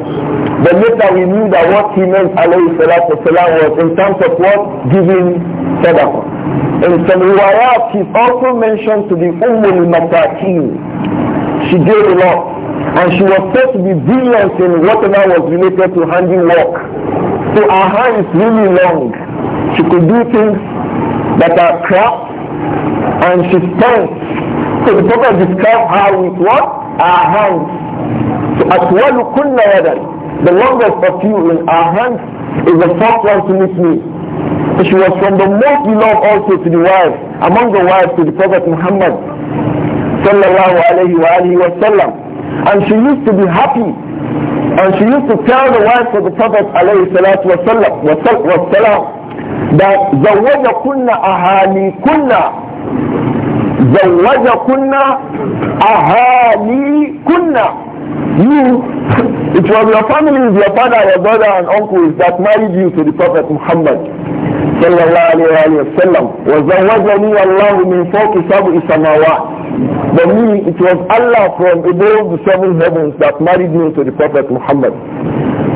But later we knew that what he meant, alayhi salatu was in terms of what? Giving sadaqah. In some riwayat, he's also mentioned to the Ummul Masakin. She gave a lot. And she was said to be brilliant in whatever was related to handiwork. So her hand is really long. She could do things that are craft, and she's strong. So the Prophet described her with what? our hands. So aswalu kunna yadan. The longest of you in our hands is the first one to meet me. she was from the most beloved also to the wives, among the wives to the Prophet Muhammad sallallahu alayhi wa alayhi wa sallam. And she used to be happy. And she used to tell the wives of the Prophet alayhi salatu wa sallam, wa sallam that the way kunna ahali kunna زوجكن أهاليكن you it was your family your father your brother and uncles that married you to the prophet muhammad صلى الله عليه وسلم وزوجني الله من فوق سبع سماوات The meaning it was Allah from above the seven heavens that married me to the Prophet Muhammad.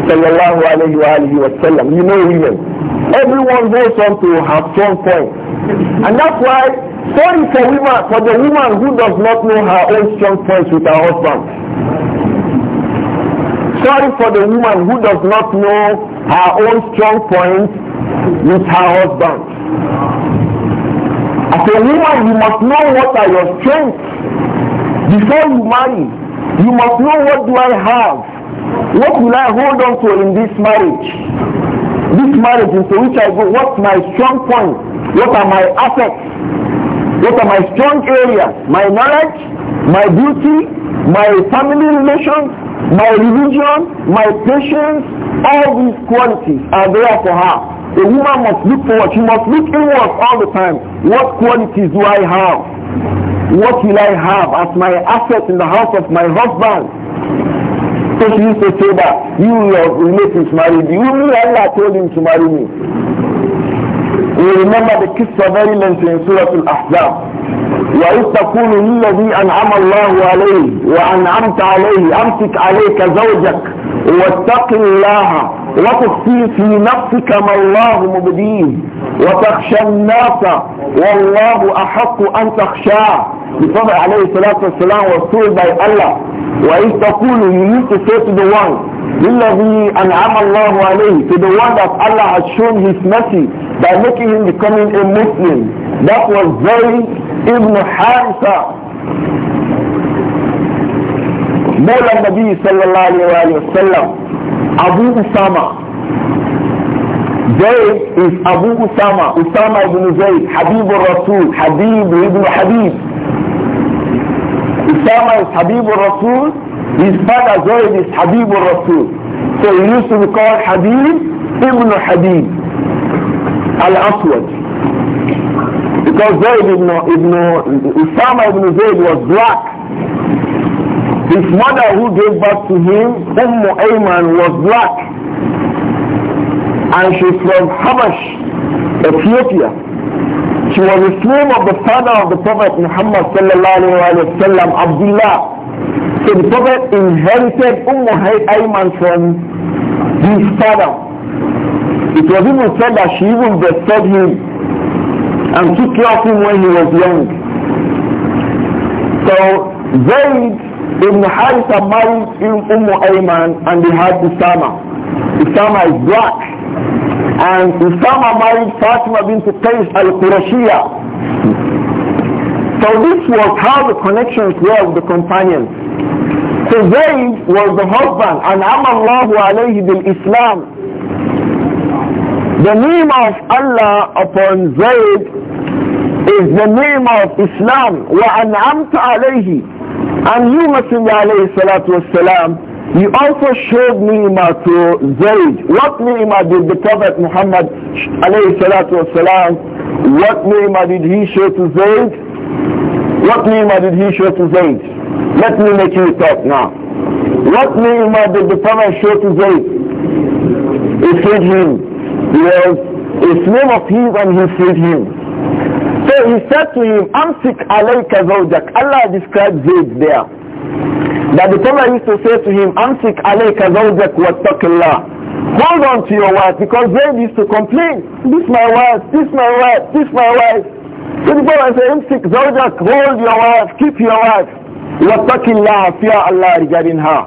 Sallallahu alayhi wasallam. You know women. Everyone goes on to have strong And that's why Sorry for women, for the woman who does not know her own strong points with her husband. Sorry for the woman who does not know her own strong points with her husband. As a woman, you must know what are your strengths before you marry. You must know what do I have? What will I hold on to in this marriage? This marriage into which I go, what's my strong point? What are my assets? What are my strong areas. My knowledge, my beauty, my family relations, my religion, my patience, all these qualities are there for her. A woman must look forward. She must look inward all the time. What qualities do I have? What will I have as my asset in the house of my husband? So she used to say that, you, your relatives married you, me, Allah told him to marry me. We remember the في violence in Surah Al-Ahzab. وإذ تقول للذي أنعم الله عليه وأنعمت عليه أمسك عليك زوجك واتق الله وتخفي في نفسك ما الله مبديه وتخشى الناس والله أحق أن تخشاه بفضل عليه الصلاة والسلام was told by Allah وإذ تقول والسلام والسلام to say to the one الذي أنعم الله عليه to the one that Allah has shown his mercy by making him becoming a Muslim that was Zayd ibn Harisa مولى النبي صلى الله عليه وآله وسلم أبو أسامة زيد is أبو أسامة أسامة بن زيد حبيب الرسول حبيب ابن حبيب أسامة is حبيب الرسول His father's name is Habib al-Rasul. So he used to be called Habib ibn Habib al-Aswad. Because Zayd ibn, ibn, Usama ibn Zayd was black. His mother who gave birth to him, Umm Ayman, was black. And she's from Habash, Ethiopia. She was the slave of the father of the Prophet Muhammad sallallahu alayhi wa sallam, Abdullah. So the Prophet inherited Umm Ayman from his father. It was even said that she even bested him and took care of him when he was young. So they ibn Haritha married Umm Ayman and they had Usama. Usama is black. And Usama married Fatima bint Qais al-Qurashiyah so this was how the connections were of the companions. So Zayd was the husband and Amallahu alayhi bil Islam. The name of Allah upon Zayd is the name of Islam. وَأَنْعَمْتَ alayhi, And you, Messenger alayhi salatu wasalam, you also showed ni'mah to Zayd. What ni'mah did the Prophet Muhammad alayhi salatu wasalam, what ni'mah did he show to Zayd? What ni'mah did he show to Zayd? Let me make you talk now. What ni'mah did the Prophet show to Zayd? He freed him. because a name of his and he freed him. So he said to him, Amsik alayka zawjak. Allah describes Zayd there. That the Prophet used to say to him, Amsik alayka zawjak wattaqillah. Hold on to your wife because Zayd used to complain, this my wife, this my wife, this my wife. So the Quran says, sick, zawjak, hold your wife, keep your wife. وَاتَّقِ اللَّهَ fear Allah regarding her.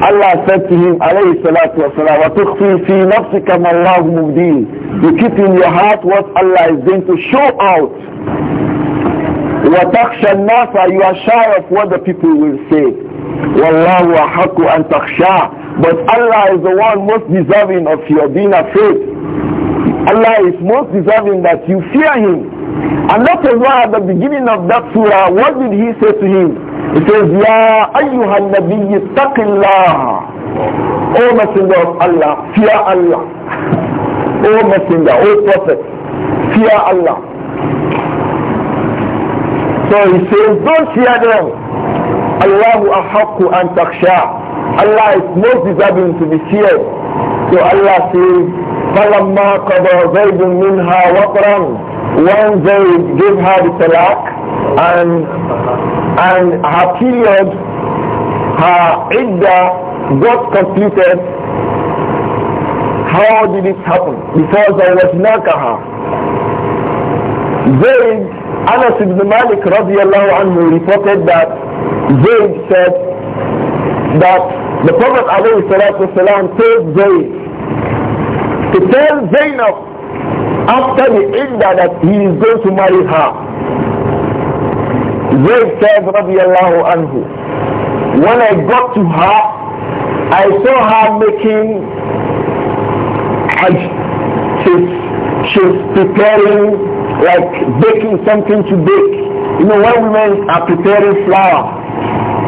Allah said to him, alayhi salatu wasalam, وَتُخْفِي فِي نَفْسِكَ مَا اللَّهُ مُبْدِينَ You keep in your heart what Allah is going to show out. وَتَخْشَ النَّاسَ You are shy of what the people will say. وَاللَّهُ أَحَقُّ أَن تَخْشَى But Allah is the one most deserving of your being afraid. Allah is most deserving that you fear Him. And that is why at the beginning of that surah, what did he say to him? He says, Ya ayyuhal nabiyyi taqillah. O messenger of Allah, fear Allah. O messenger, O prophet, fear Allah. So he says, don't fear them. Allahu ahakku an taqsha. Allah is most deserving to be feared. So Allah says, فَلَمَّا قَضَى زَيْدٌ مِنْهَا وَقْرًا when they gave her the talaq and and her period, her idda got completed. How did it happen? Because I was nakaha. Zayd, Anas ibn Malik radiallahu anhu reported that Zayd said that the Prophet alayhi salatu told Zayd to tell Zainab after the idda that he is going to marry her. Zayd said, radiallahu anhu, when I got to her, I saw her making hajj. She's, she's preparing, like baking something to bake. You know, when women are preparing flour,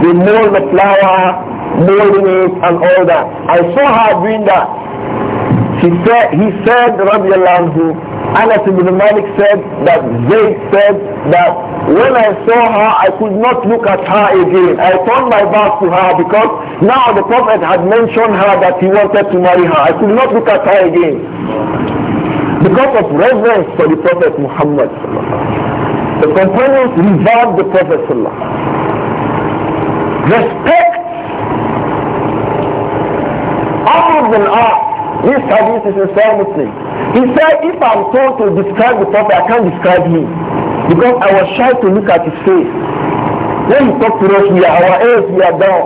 they mold the flour, molding it and all that. I saw her doing that. She said, he said, radiallahu anhu, Anas ibn Malik said that Zayd said that when I saw her, I could not look at her again. I turned my back to her because now the Prophet had mentioned her that he wanted to marry her. I could not look at her again. Because of reverence for the Prophet Muhammad. The companions revered the Prophet. Respect. Amr bin As This hadith is in Sahih Muslim. He said, if I'm told to describe the Prophet, I can't describe him. Because I was shy to look at his face. When he talked to us, we are our ears, we are down.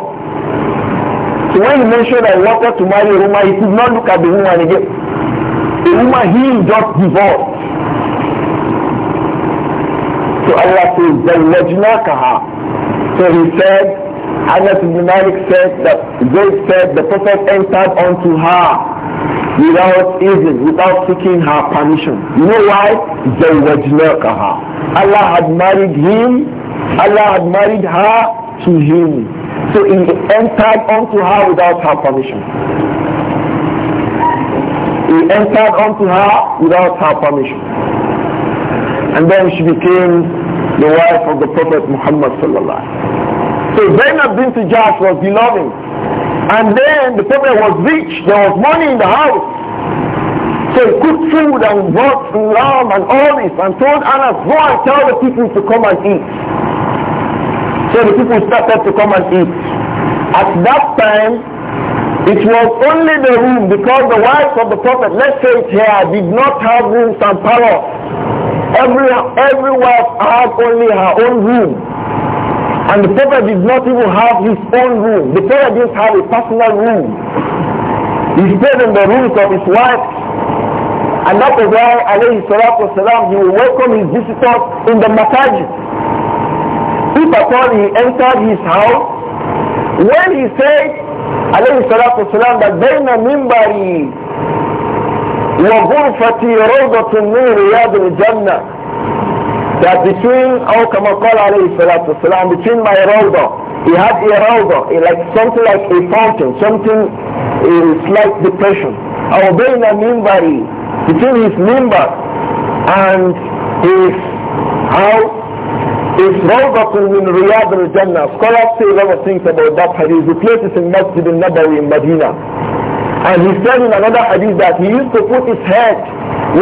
So when he mentioned I wanted to marry a woman, he could not look at the woman again. The woman he just divorced. So Allah says, then So he said, Anas ibn Malik said that Zayd said the Prophet entered onto her without even, without seeking her permission. You know why? Zawajnakaha. Allah had married him, Allah had married her to him. So he entered onto her without her permission. He entered onto her without her permission. And then she became the wife of the Prophet Muhammad sallallahu alaihi wasallam. So Zainab bint Jash was beloved. And then the Prophet was rich. There was money in the house. So he cooked food and brought lamb and all this and told Anas, go and tell the people to come and eat. So the people started to come and eat. At that time, it was only the room because the wives of the prophet, let's say it here, did not have rooms and power. Every, every wife had only her own room. And the Prophet did not even have his own room. The Prophet didn't have a personal room. He stayed in the rooms of his wife. And that is why alayhi salatu wasalam, he will welcome his visitors in the masajid. If at all he entered his house, when he said, alayhi salatu wasalam, that bayna mimbari وغرفتي روضة من رياض jannah." that between oh come on call alayhi salatu salam between my rawda he had a rawda like something like a fountain something a slight depression or bayna mimbari between his member and his house is rawdatun min riyad al-jannah scholars say a lot of things about that hadith the place is in masjid al-nabawi in medina and he said in another hadith that he used to put his head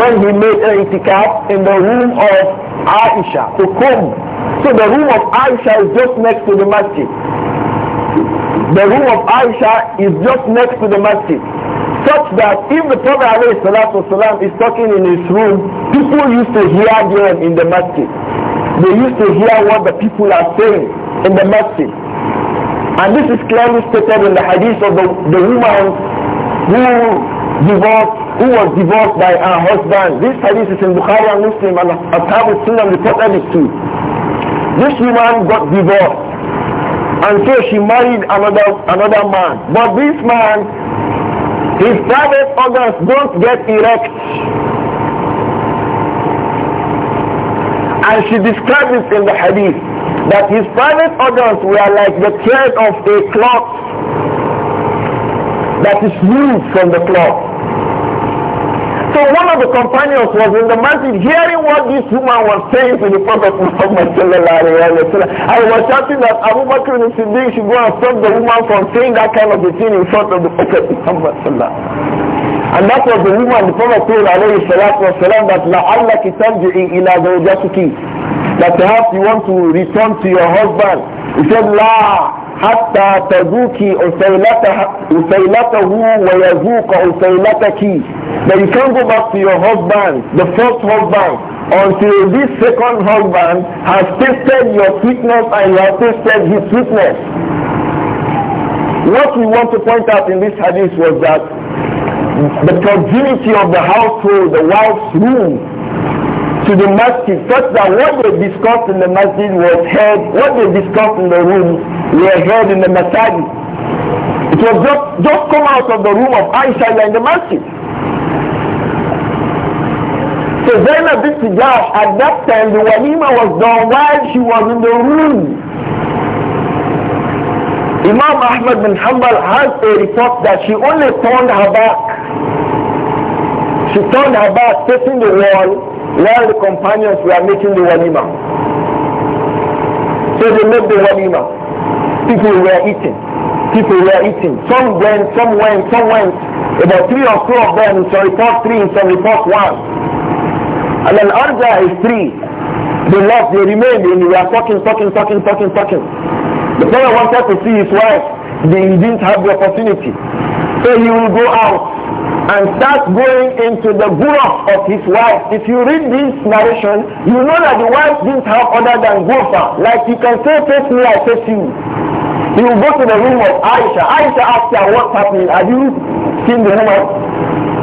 when he made an itikaf in the room of Aisha to come. So the room of Aisha is just next to the masjid. The room of Aisha is just next to the masjid. Such that if the Prophet والسلام, is talking in his room, people used to hear them in the masjid. They used to hear what the people are saying in the masjid. And this is clearly stated in the hadith of the, the woman who divorced who was divorced by her husband. This hadith is in Bukhari and Muslim and Ashab al-Sunnah reported it too. This woman got divorced and so she married another, another man. But this man, his private organs don't get erect. And she described it in the hadith that his private organs were like the thread of a cloth that is loose from the cloth. So one of the companions was in the masjid hearing what this woman was saying to the Prophet Muhammad I was shouting that Abu Bakr and Siddiq should go and stop the woman from saying that kind of a thing in front of the Prophet Muhammad And that was the woman the Prophet told alayhi salatu wasalam that لَعَلَّكِ تَرْجِعِي إِلَى زَوْجَتِكِ That perhaps you want to return to your husband. He said, "La." حتى تذوقي أسيلته ويذوق أسيلتك Then you can go back to your husband, the first husband, until this second husband has tasted your sweetness and you have tasted his sweetness. What we want to point out in this hadith was that the continuity of the household, the wife's room, to the masjid such that what they discussed in the masjid was heard, what they discussed in the room were heard in the masjid. It was just, just come out of the room of Aisha in the masjid. So then, bint Tijash, at that time the walima was done while she was in the room. Imam Ahmad bin Hanbal has a report that she only turned her back. She turned her back facing the wall While the companions were making the walima. So they made the walima. People were eating. People were eating. Some went, some went, some went. About three or four of them, some report three, some report one. And then Arja is three. They left, they remained, and they were talking, talking, talking, talking, talking. The fellow wanted to see his wife. They didn't have the opportunity. So he will go out and start going into the guruf of his wife. If you read this narration, you know that the wife didn't have other than gurfa. Like you can say, take me, I take you. He will go to the room of Aisha. Aisha asked her, what's happening? Have you seen the woman?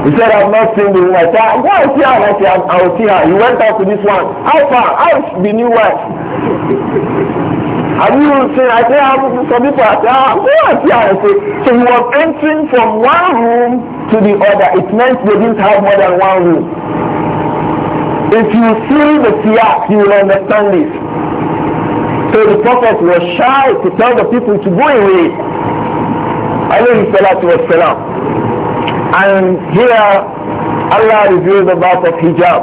He said, "I have not seen the woman. I said, go and see her. I said, I will see her. He went out to this one. How far? How's the new wife? And you will say, I say, ah, some people are saying, ah, go and say, so he was entering from one room to the other. It meant they didn't have more than one room. If you see the siyak, you will understand this. So the prophet was shy to tell the people to go away. Alayhi salatu was salam. And here Allah revealed the of hijab.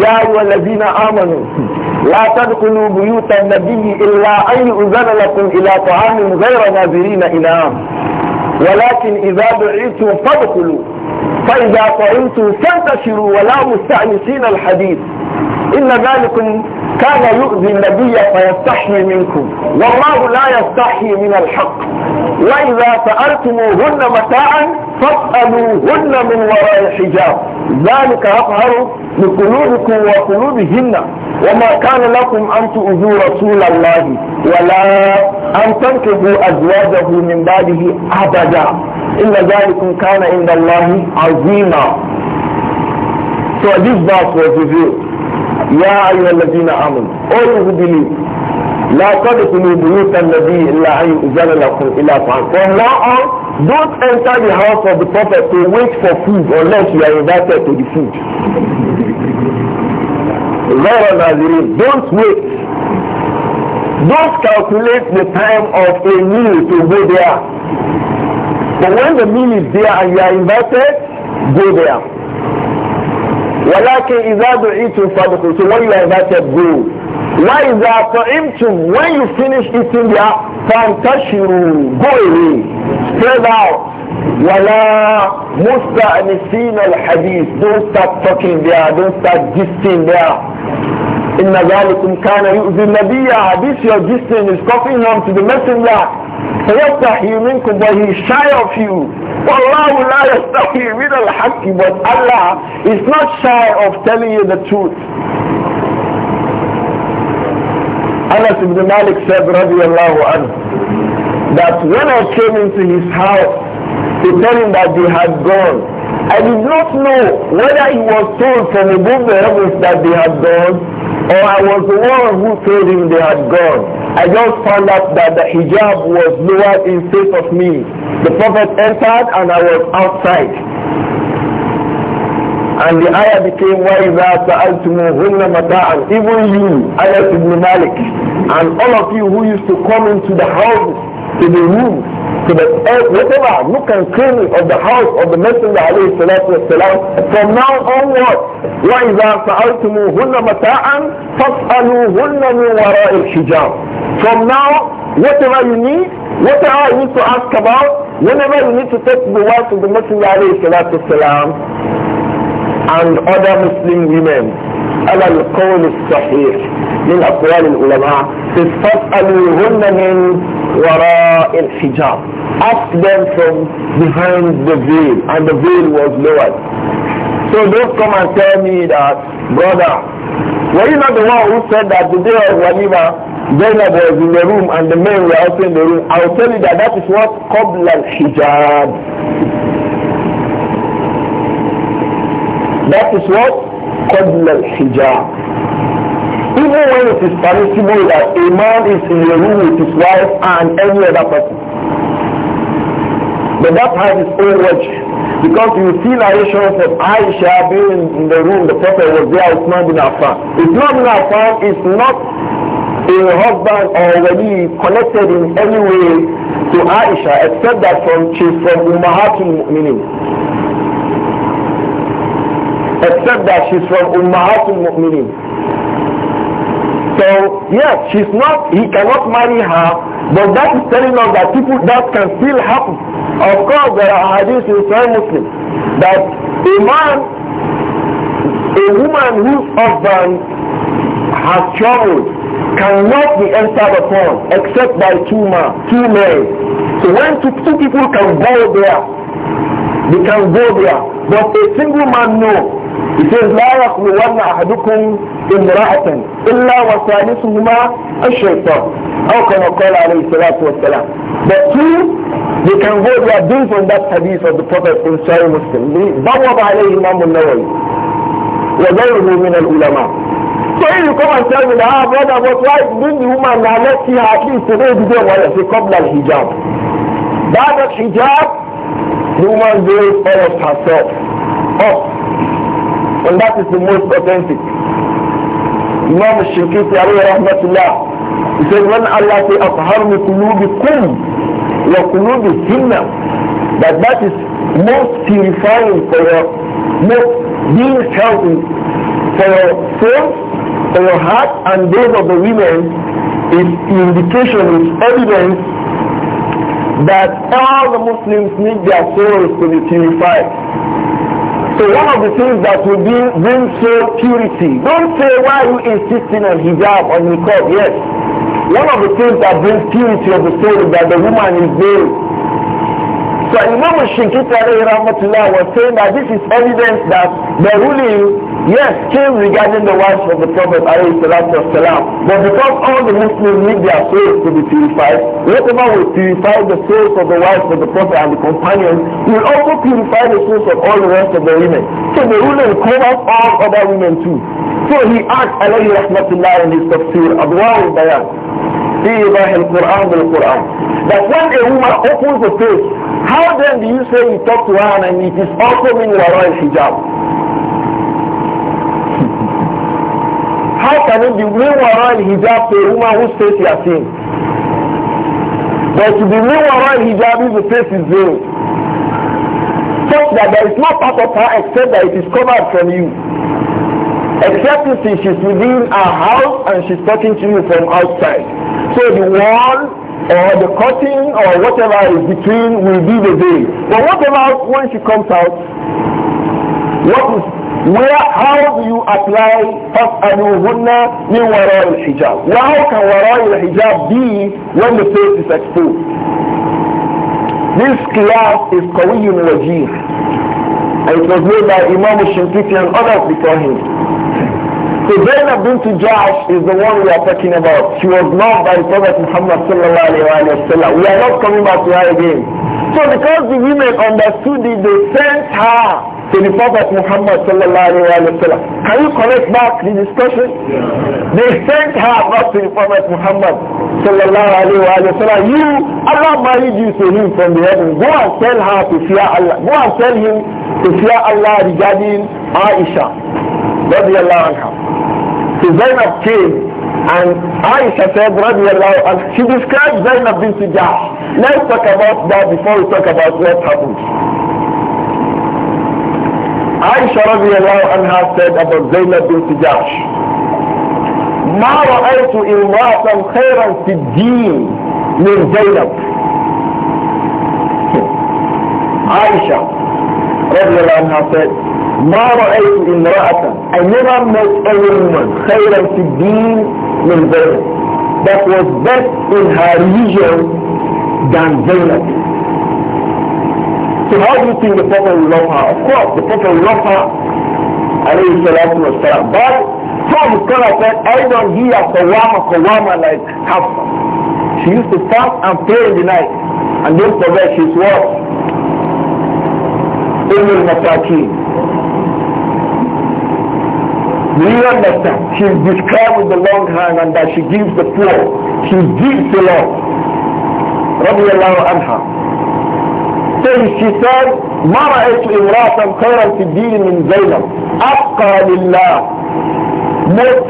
Ya ayyuhallazina amanu لا تدخلوا بيوت النبي إلا أن يؤذن لكم إلى طعام غير ناظرين إناه ولكن إذا دعيتم فادخلوا فإذا طعمتم فانتشروا ولا مستأنسين الحديث إن ذلكم كان يؤذي النبي فيستحيي منكم والله لا يستحيي من الحق وإذا سألتموهن متاعا فاسألوهن من وراء الحجاب ذلك أظهر لقلوبكم وقلوبهن وما كان لكم أن تؤذوا رسول الله ولا أن تنكبوا أزواجه من بعده أبدا إن ذلكم كان عند الله عظيما So this verse was revealed. يا أيها الذين آمنوا أولوا بني لا تدخلوا بيوت النبي إلا أن يؤذن لكم إلى طعام from now on don't enter the house of the prophet to wait for food unless you are invited to the food غير ناظرين don't wait don't calculate the time of a meal to go there but when the meal is there and you are invited go there ولكن إذا دعيتم فادخلوا so when you is that for وإذا طعمتم when you finish eating the فانتشروا go away spread out ولا مستأنسين الحديث don't start talking there don't start gisting there إن ذلكم كان يؤذي النبي This your distance is copying him to the messenger يستحي منكم but he is shy of you والله لا يستحي من الحق but Allah is not shy of telling you the truth Anas ibn Malik said radiallahu anhu that when I came into his house to tell him that they had gone I did not know whether he was told from above the heavens that they had gone or I was the one who told him they had gone I just found out that the hijab was lowered in front of me. The Prophet entered and I was outside. And the ayah became, وَإِذَا سَأَلْتُمُهُنَّ and Even you, ayah ibn Malik, and all of you who used to come into the house, to the room, so that uh, whatever look and claim of the house of the Messenger of salatu from now onward, وَإِذَا سَأَلْتُمُوهُنَّ مَتَاعًا فَاسْأَلُوهُنَّ مِنْ وَرَاءِ الْحِجَابِ From now, whatever you need, whatever you need to ask about, whenever you need to take the wife of the Messenger alayhi salatu and other Muslim women, على القول الصحيح من أقوال العلماء فاستسألوهن من وراء الحجاب ask them from behind the veil and the veil was lowered so don't come and tell me that brother were you not the one who said that the day of Walima Zainab was in the room and the men were also in the room I will tell you that that is what قبل That That is what قبل الحجاب even when it is permissible that a man is in a room with his wife and any other person. But that has its own watch. Because you see narrations of Aisha being in the room, the Prophet was there, Uthman bin Affan. Uthman bin Affan is not a husband or wali connected in any way to Aisha except that from, she's from Ummahatul Mu'minin except that she's from Ummahatul Mu'minin. So yes, she's not, he cannot marry her, but that is telling us that people, that can still happen. Of course there are hadiths in Sahih Muslim that a man, a woman whose husband has trouble cannot be entered upon except by two men. Two men. So when two, two people can go there, they can go there. But a single man no. يقول لا يخلون أحدكم امرأة إلا وثالثهما الشيطان. او كما قال عليه الصلاة والسلام? But two, they can go their based on that hadith of the Prophet in Sahih Muslim. بوض عليه الإمام النووي وغيره من العلماء. So you come and tell me that, ah, brother, but why bring the woman now? Let's see her at least today to go while she comes like hijab. That hijab, the woman builds all of herself up. And that is the most authentic. Imam Shirkiti alayhi rahmatullah, he said, when Allah say, أَطْهَرْنِ قُلُوبِكُمْ وَقُلُوبِهِنَّ That that is most purifying for your, most being healthy for your soul, for your heart, and those of the women is indication, is evidence that all the Muslims need their souls to be purified. So one of the things that will bring, bring soul purity. Don't say why are you insisting on hijab on niqab. Yes. One of the things that brings purity of the soul is that the woman is veiled. So Imam Shinkit rahmatullah was saying that this is evidence that the ruling, yes, came regarding the wives of the Prophet والسلام, but because all the Muslims need their souls to be purified, whatever will purify the souls of the wives of the Prophet and the companions will also purify the souls of all the rest of the women. So the ruling covers all other women too. So he asked alayhi rahmatullah in his tafsir, "Abu al-Bayan, في القرآن بالقرآن But when a woman opens the face, how then do you say you talk to her and it is also min wara hijab? How can it be min wara hijab to a woman who says seen? But to be min wara hijab if the face is veiled, such that there is no part of her except that it is covered from you. Except if she's within our house and she's talking to you from outside. So the wall or the curtain or whatever is between will be the veil. But what about when she comes out? What is where how do you apply fas'aluhunna min wear al-hijab? How can wara al-hijab be when the face is exposed? This class is kawiyun wajih. And it was made by Imam Shinkiti and others before him. So Zainab bint Jash is the one we are talking about. She was loved by Prophet Muhammad sallallahu alayhi wa sallam. We are not coming back to her again. So because the women understood it, they sent her to the Prophet Muhammad sallallahu alayhi wa sallam. Can you connect back the discussion? Yeah. They sent her back to the Prophet Muhammad sallallahu alayhi wa sallam. You, Allah married you to him from the heaven. Go and tell her to fear Allah. Go and tell him to fear Allah regarding Aisha radiallahu anha. So Zainab came and Aisha said radiallahu anha, she described Zainab bint Jash. Let's talk about that before we talk about what happened. Aisha radiallahu anha said about Zainab bint Jash, ما رأيت امرأة خيرا في الدين من زينب عائشة رضي الله عنها said ما رأيت I never met a woman خيرا في الدين Zainab that was best in her religion than Zainab So how do you think the Prophet will love her? Of course the Prophet will love her عليه الصلاة والسلام but some scholars said أيضا هي قوامة قوامة like Hafsa She used to fast and pray in the night and don't forget she's what? Umm al-Masakin do you understand? She's described with the long hand and that she gives the poor. She gives the Lord. رضي الله عنها. So she said, ما رأيت امرأة خيرا في الدين من زينب أبقى لله most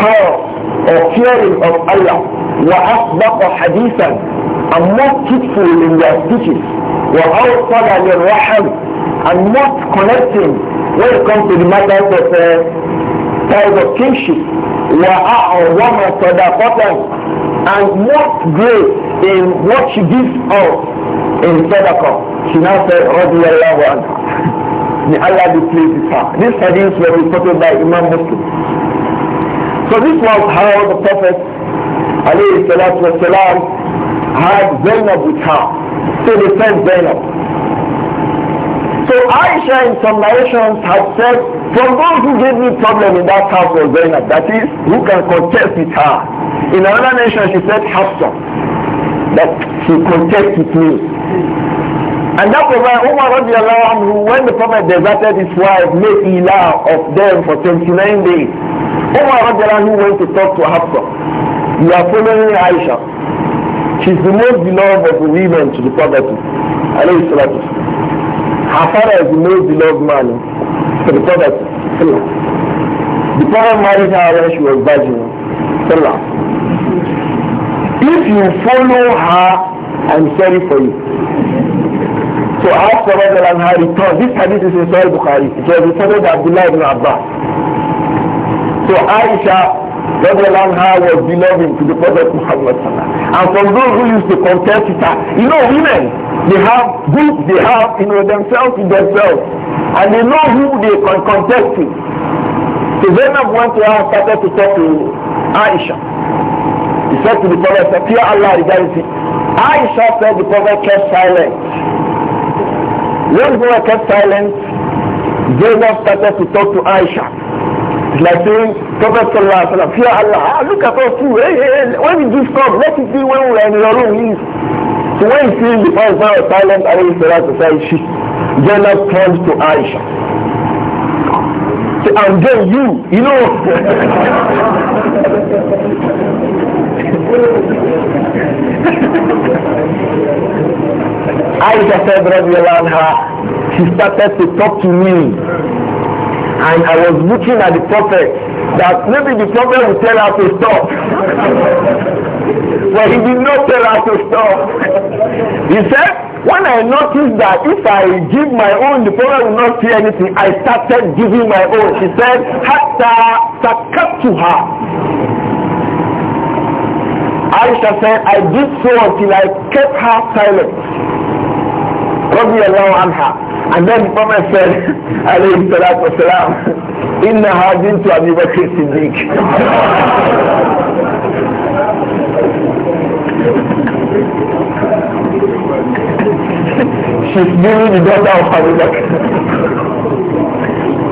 power or fearing of Allah وأصدق حديثا and most truthful in their speeches وأوصل للرحم and most connecting when it comes to the matters of uh, ties of kinship, وَأَعْوَمَ صَدَقَةً and what grace in what she gives us in Sadaqah. She now said, رضي the عنها. May Allah be pleased with her. These hadiths were reported by Imam Muslim. So this was how the Prophet alayhi salatu wasalam had Zainab with her. So they sent Zainab. Aisha in some narrations had said, from those who gave me problem in that house was Zainab, that is, who can contest with her. In another nation she said Hafsa, that she contests with me. And that was why Umar anhu, when the Prophet deserted his wife, made ilah of them for 29 days. Umar anhu went to talk to Hafsa. You are following Aisha. She's the most beloved of the women to the Prophet. As far as the most beloved man to the Prophet, the Prophet married her when she was virgin. Salah. If you follow her, I'm sorry for you. So after Prophet and her return, this hadith is in Sahih Bukhari. It was reported by Abdullah ibn Abbas. So Aisha Radiallahu anha was beloved to the Prophet Muhammad. And from those who used to contest with her, you know, women, they have groups they have, you know, themselves in themselves. And they know who they can contest to. So Zainab went to her and started to talk to Aisha. He said to the Prophet, Fear Allah regarding Aisha said the Prophet kept silent. When the Prophet kept silent, Zainab started to talk to Aisha. It's like saying, Prophet Sallallahu Alaihi Wasallam, Fear Allah, ah, look at us two. Hey, hey, hey, when did this come? Let it be when we are in your room, please. So when he sees the Prophet of silent alayhi salatu she Zainab turned to Aisha. So, and then you, you know. Aisha said, radiallahu anha, she started to talk to me. And I was looking at the prophet that maybe the prophet would tell her to stop. But he did not tell us to stop. he said, when I noticed that if I give my own, the problem will not see anything, I started giving my own. He said, Hatta her." Aisha said, I did so until I kept her silent. Rabbi Allah on her. And then the Prophet said, alayhi salatu wasalam, إنها بنت أبي بكر الصديق she's giving the daughter of Abu Bakr.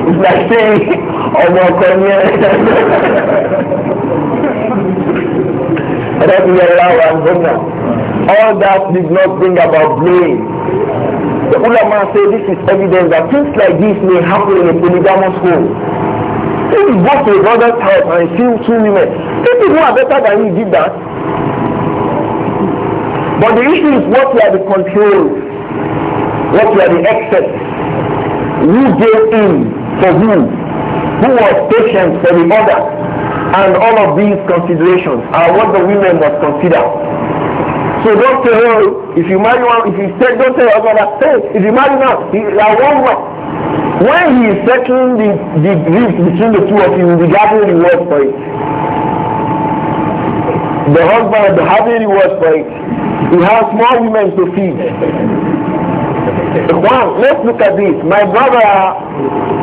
it's like saying, ọmọ ọkọ ni ẹ. That is Allah and Sunnah. All that did not bring about blame. The ulama say this is evidence that things like this may happen in a polygamous home. If you go to a brother's house and see two women, people who are better than you did that. But the issue is what you are the control What were the excess? Who gave in for whom? Who was patient for the mother, And all of these considerations are what the women must consider. So don't say, oh, if you marry one, if you say, don't say, oh, God, say, if you marry now, I won't work. When he is settling the, the grief between the two of you, he will be gathering the for it. The husband will be having reward for it. He has more women to feed. Wow, let's look at this. My brother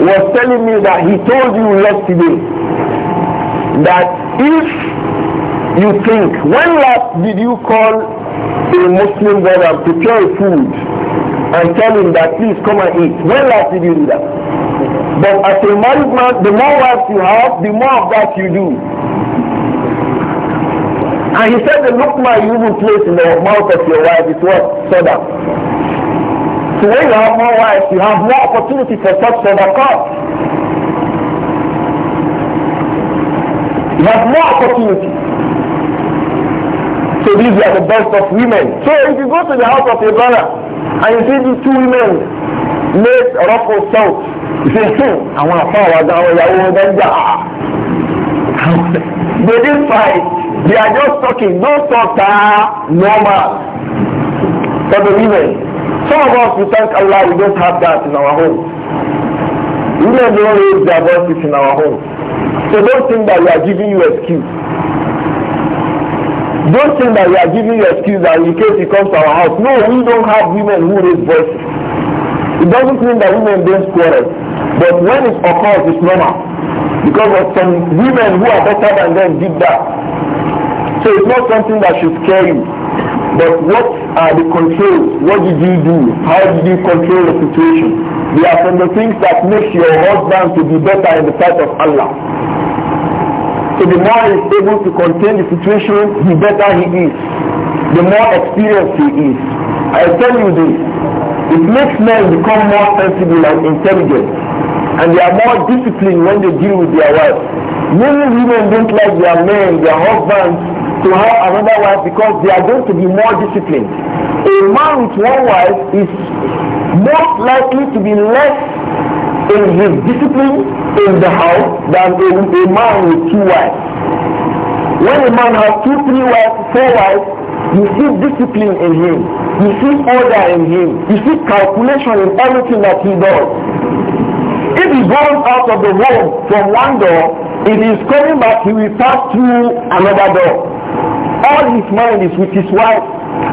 was telling me that he told you yesterday that if you think, when last did you call a Muslim brother prepare food and tell him that please come and eat? When last did you do that? But as a married man, the more wives you have, the more of that you do. And he said the look my evil place in the mouth of your wife is what? Soda. So when you have more wives, you have more opportunity for such sadaqah. You have more opportunity. So these are the best of women. So if you go to the house of your brother and you see these two women made ruffle south, you say, hmm, I want to follow her down, I want to They didn't fight. They are just talking. No talk are ah, normal for the women some of us, we thank Allah, we don't have that in our home. We don't even raise their voices in our home. So don't think that we are giving you excuse. Don't think that we are giving you excuse that in case he comes to our house. No, we don't have women who raise voices. It doesn't mean that women don't quarrel. But when it occurs, it's normal. Because of some women who are better than them did that. So it's not something that should scare you. But what uh, the controls. What did you do? How did you control the situation? They are from the things that makes your husband to be better in the sight of Allah. So the more he is able to contain the situation, the better he is. The more experienced he is. I tell you this, it makes men become more sensible and intelligent. And they are more disciplined when they deal with their wives. Many women don't like their men, their husbands, to have another wife because they are going to be more disciplined. A man with one wife is most likely to be less in his discipline in the house than a, a man with two wives. When a man has two, three wives, four wives, you see discipline in him. You see order in him. You see calculation in everything that he does. If he goes out of the home from one door, if he is coming back, he will pass through another door all his mind is with his wife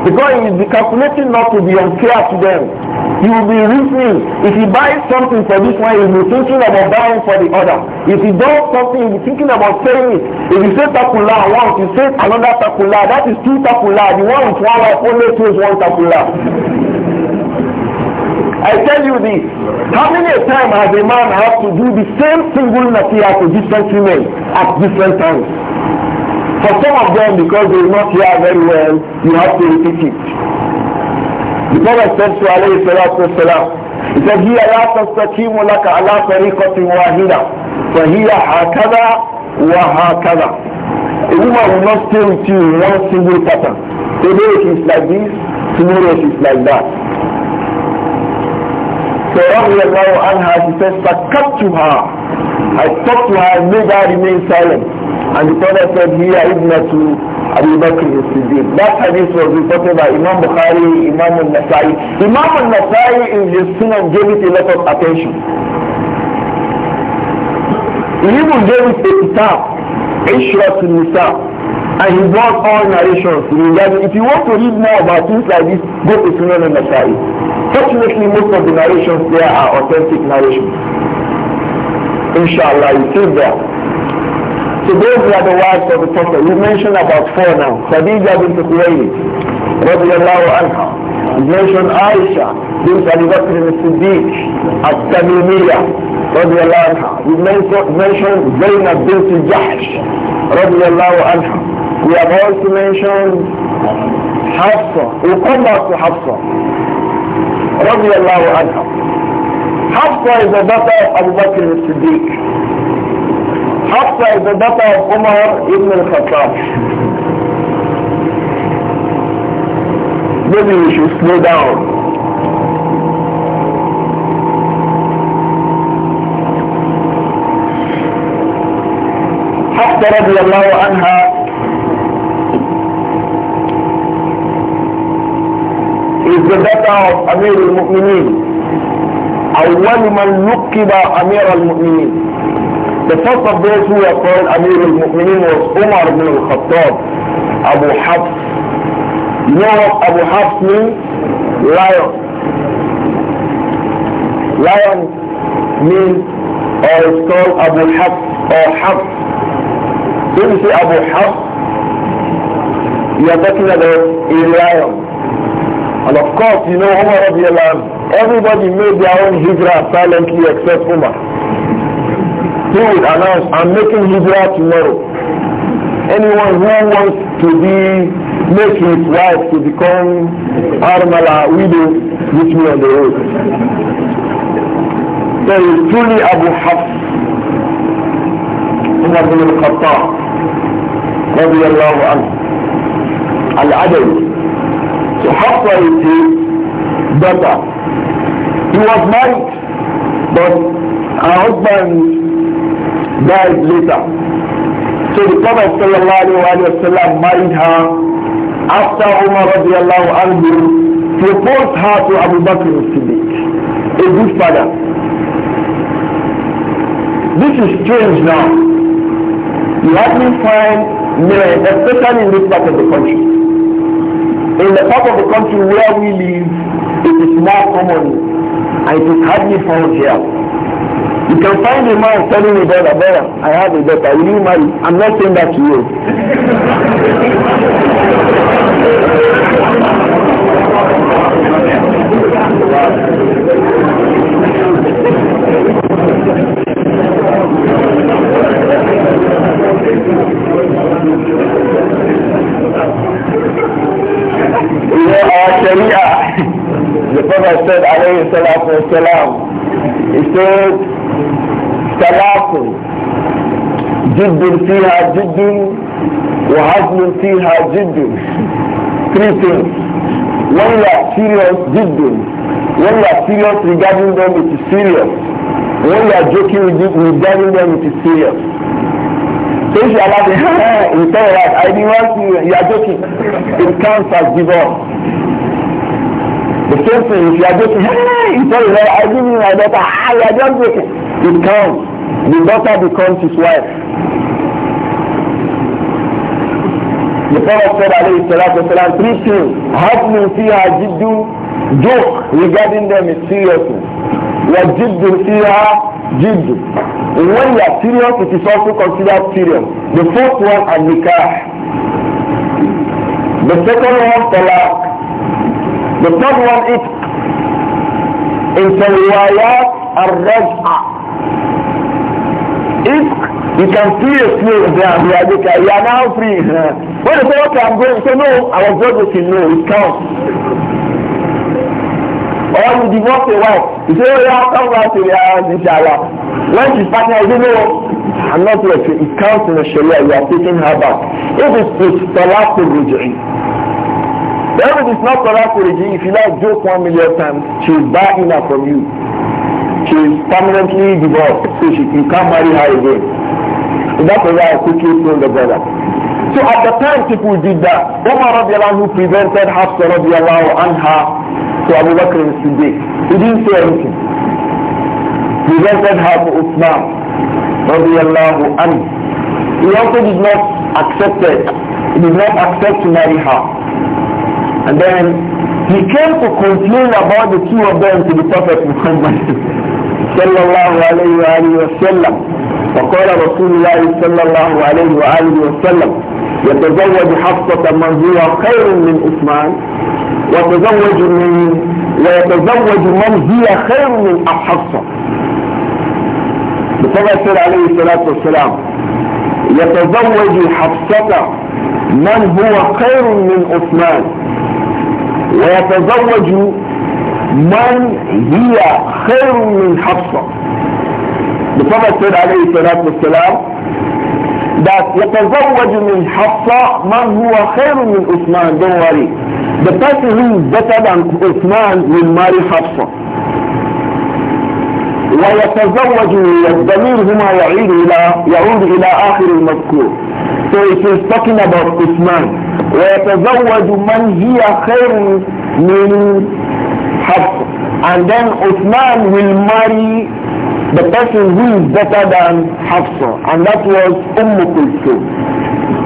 because he is be calculating not to be unfair to them. He will be reasoning. If he buys something for this one, he will be thinking about buying for the other. If he does something, he will be thinking about selling it. If he says takula once, he says another takula. That is two takula. The one with one wife only says one takula. I tell you this. How many times has a man had to do the same single nafiya to different women at different times? For some of them, because they will not hear very well, you have to repeat it. The Prophet said to alayhi salatu wasalam, he said, هي لا تستقيم لك على طريقة واحدة فهي هكذا وهكذا. A woman will not stay with you in one single pattern. Today it is like this, tomorrow it is like that. So رضي الله عنها, she says, فكتتها. I talked to her and made her remain silent. And the Prophet said, Hiya ibnatu Abu Bakr as-Siddiq. That hadith was reported by Imam Bukhari, Imam al-Nasai. Imam al-Nasai in his Sunan gave it a lot of attention. He even gave it a kitab, Ishrat al-Nisa. And he brought all narrations. Meaning if you want to read more about things like this, go to Sunan al-Nasai. Fortunately, most of the narrations there are authentic narrations. Inshallah, you see that. So those were the wives of the Prophet. We mentioned about four now. Khadija bin Khuwaylid, radiallahu anha. We mentioned Aisha bint Abi Bakr al-Siddiq, al-Tamimiyya, radiallahu anha. We mentioned Zainab bin Jahsh, radiallahu anha. We have also mentioned Hafsa. We'll come back to Hafsa, radiallahu anha. Hafsa is the daughter of Abu Bakr al حتى إذا بطل عمر ابن الخطاب Maybe we should slow down. حتى رضي الله عنها is the daughter of Amir al-Mu'mineen أول من لقب أمير المؤمنين The first of those who were called Amir al-Mu'minin was Umar ibn al-Khattab, Abu Hafs. You know what Abu Hafs means? Lion. Lion means, or uh, it's called Abu Hafs, or Hafs. So you say Abu Hafs, you are talking about a lion. And of course, you know Umar radiallahu everybody made their own hijrah silently except Umar. he would announce, I'm making hijrah tomorrow. Anyone who wants to be, make his wife to become Armala widow, meet me on the road. So he's truly Abu Hafs, Umar bin al-Khattab, رضي الله عنه العدوي So Hafs is his daughter. He was married, but her husband died later. So the Prophet ﷺ married her after Umar radiallahu anhu proposed her to Abu Bakr al-Siddiq, a good father. This is strange now. You hardly find men, especially in this part of the country. In the part of the country where we live, it is more common and it is hardly found here. You can find a man telling a brother, brother, I have a daughter, will you marry? I'm not saying that to you. the Prophet said, alayhi salatu wasalam, he said, ثلاث جد فيها جد وعزم فيها جد three things when you are serious جد when you are serious regarding them it is serious when you are joking with them, regarding them it is serious so if you allow the you tell your wife I didn't want you you are joking it counts as give up the same thing if you are joking hey you tell your I didn't mean my daughter ah you are just joking it counts the daughter becomes his wife. The Prophet said, alayhi salatu wasalam, three things. see fiha jiddu, joke regarding them is serious. Wa jiddu see fiha jiddu. When you are serious, it is also considered serious. The first one, and nikah. The second one, talaq. The third one, is in riwayat al-raj'ah. If you can feel a slave there and they are you are now free. When they say, okay, I'm going, say, no, I was God say no, it counts. Or you divorce a wife, you say, oh yeah, come back to the house, ah, inshallah. When she's partner, you say, no, I'm not your friend. It counts in the Sharia, you are taking her back. If it's, it's talaq to Then If is not talaq to ruj'i, if you like joke one million times, she she'll buy in from you. she is permanently divorced, so she, you can't marry her again. So why I quickly told the brother. So at the time people did that, Umar radiallahu who prevented Hafsa radiallahu anha to Abu Bakr Siddiq. He didn't say anything. Prevented her to Uthman radiallahu and He also did not accept it. He did not accept to marry her. And then he came to complain about the two of them to the Prophet Muhammad. صلى الله عليه وآله وسلم فقال رسول الله صلى الله عليه وآله وسلم يتزوج حفصة هو خير من عثمان وتزوج من ويتزوج من هي خير من حفصة بطبع عليه الصلاة والسلام يتزوج حفصة من هو خير من عثمان ويتزوج من هي خير من حفصة بطبع السيد عليه الصلاة والسلام يتزوج من حفصة من هو خير من عثمان don't worry the person who is better than عثمان will marry حفصة ويتزوج الضمير هما يعود إلى يعود إلى آخر المذكور so it is talking about عثمان ويتزوج من هي خير من And then Uthman will marry the person who is better than Hafsa. And that was Umm Kulthum.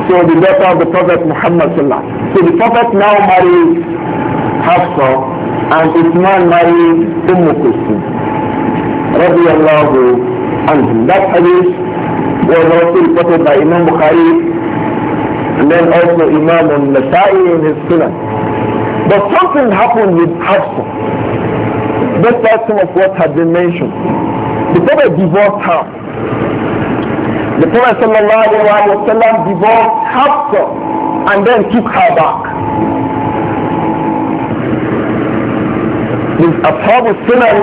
So the daughter of the Prophet Muhammad Sallallahu So the Prophet now marries Hafsa and Uthman marries Umm Kulthum. Radiallahu And That hadith was also reported by Imam Bukhari and then also Imam al-Nasai in his Sunan. But something happened with Hafsa. Despite some of what had been mentioned. The Prophet divorced her. The Prophet wasallam divorced Hafsa and then took her back. The Ashab al-Sunan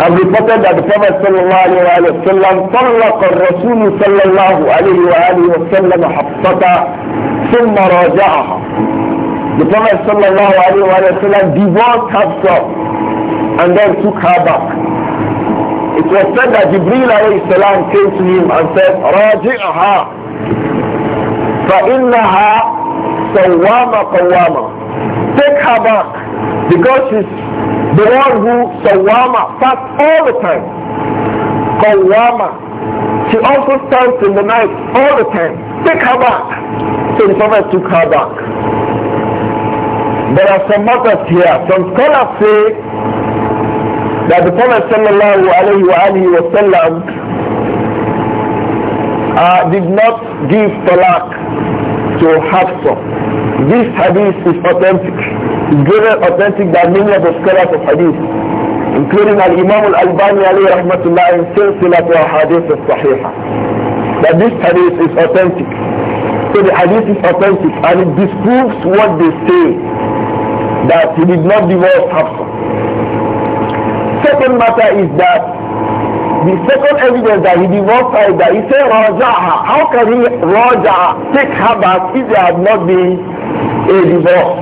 have reported that the Prophet sallallahu alayhi wa sallam طلق الرسول صلى الله عليه وآله وسلم حفصة ثم راجعها the Prophet sallallahu alayhi wa sallam divorced Hafsa and then took her back. It was said that Jibreel alayhi salam came to him and said, Raji'aha فَإِنَّهَا سَوَّامَ قَوَّامَ Take her back because she's the one who sawama fasts all the time. Qawwama she also stands in the night all the time. Take her back. So the Prophet took her back. There are some matters here. Some scholars say that the Prophet sallallahu alayhi wa sallam uh, did not give talaq to Hafsa. This hadith is authentic. It's greater authentic than many of the scholars of hadith, including Al-Imam Al-Albani alayhi rahmatullah in Silsilat wa Hadith al sahihah. That this hadith is authentic. So the hadith is authentic and it disproves what they say that he did not divorce Hafsa. Second matter is that the second evidence that he divorced her is that he said Rajaha. How can he Raja take her back if there had not been a divorce?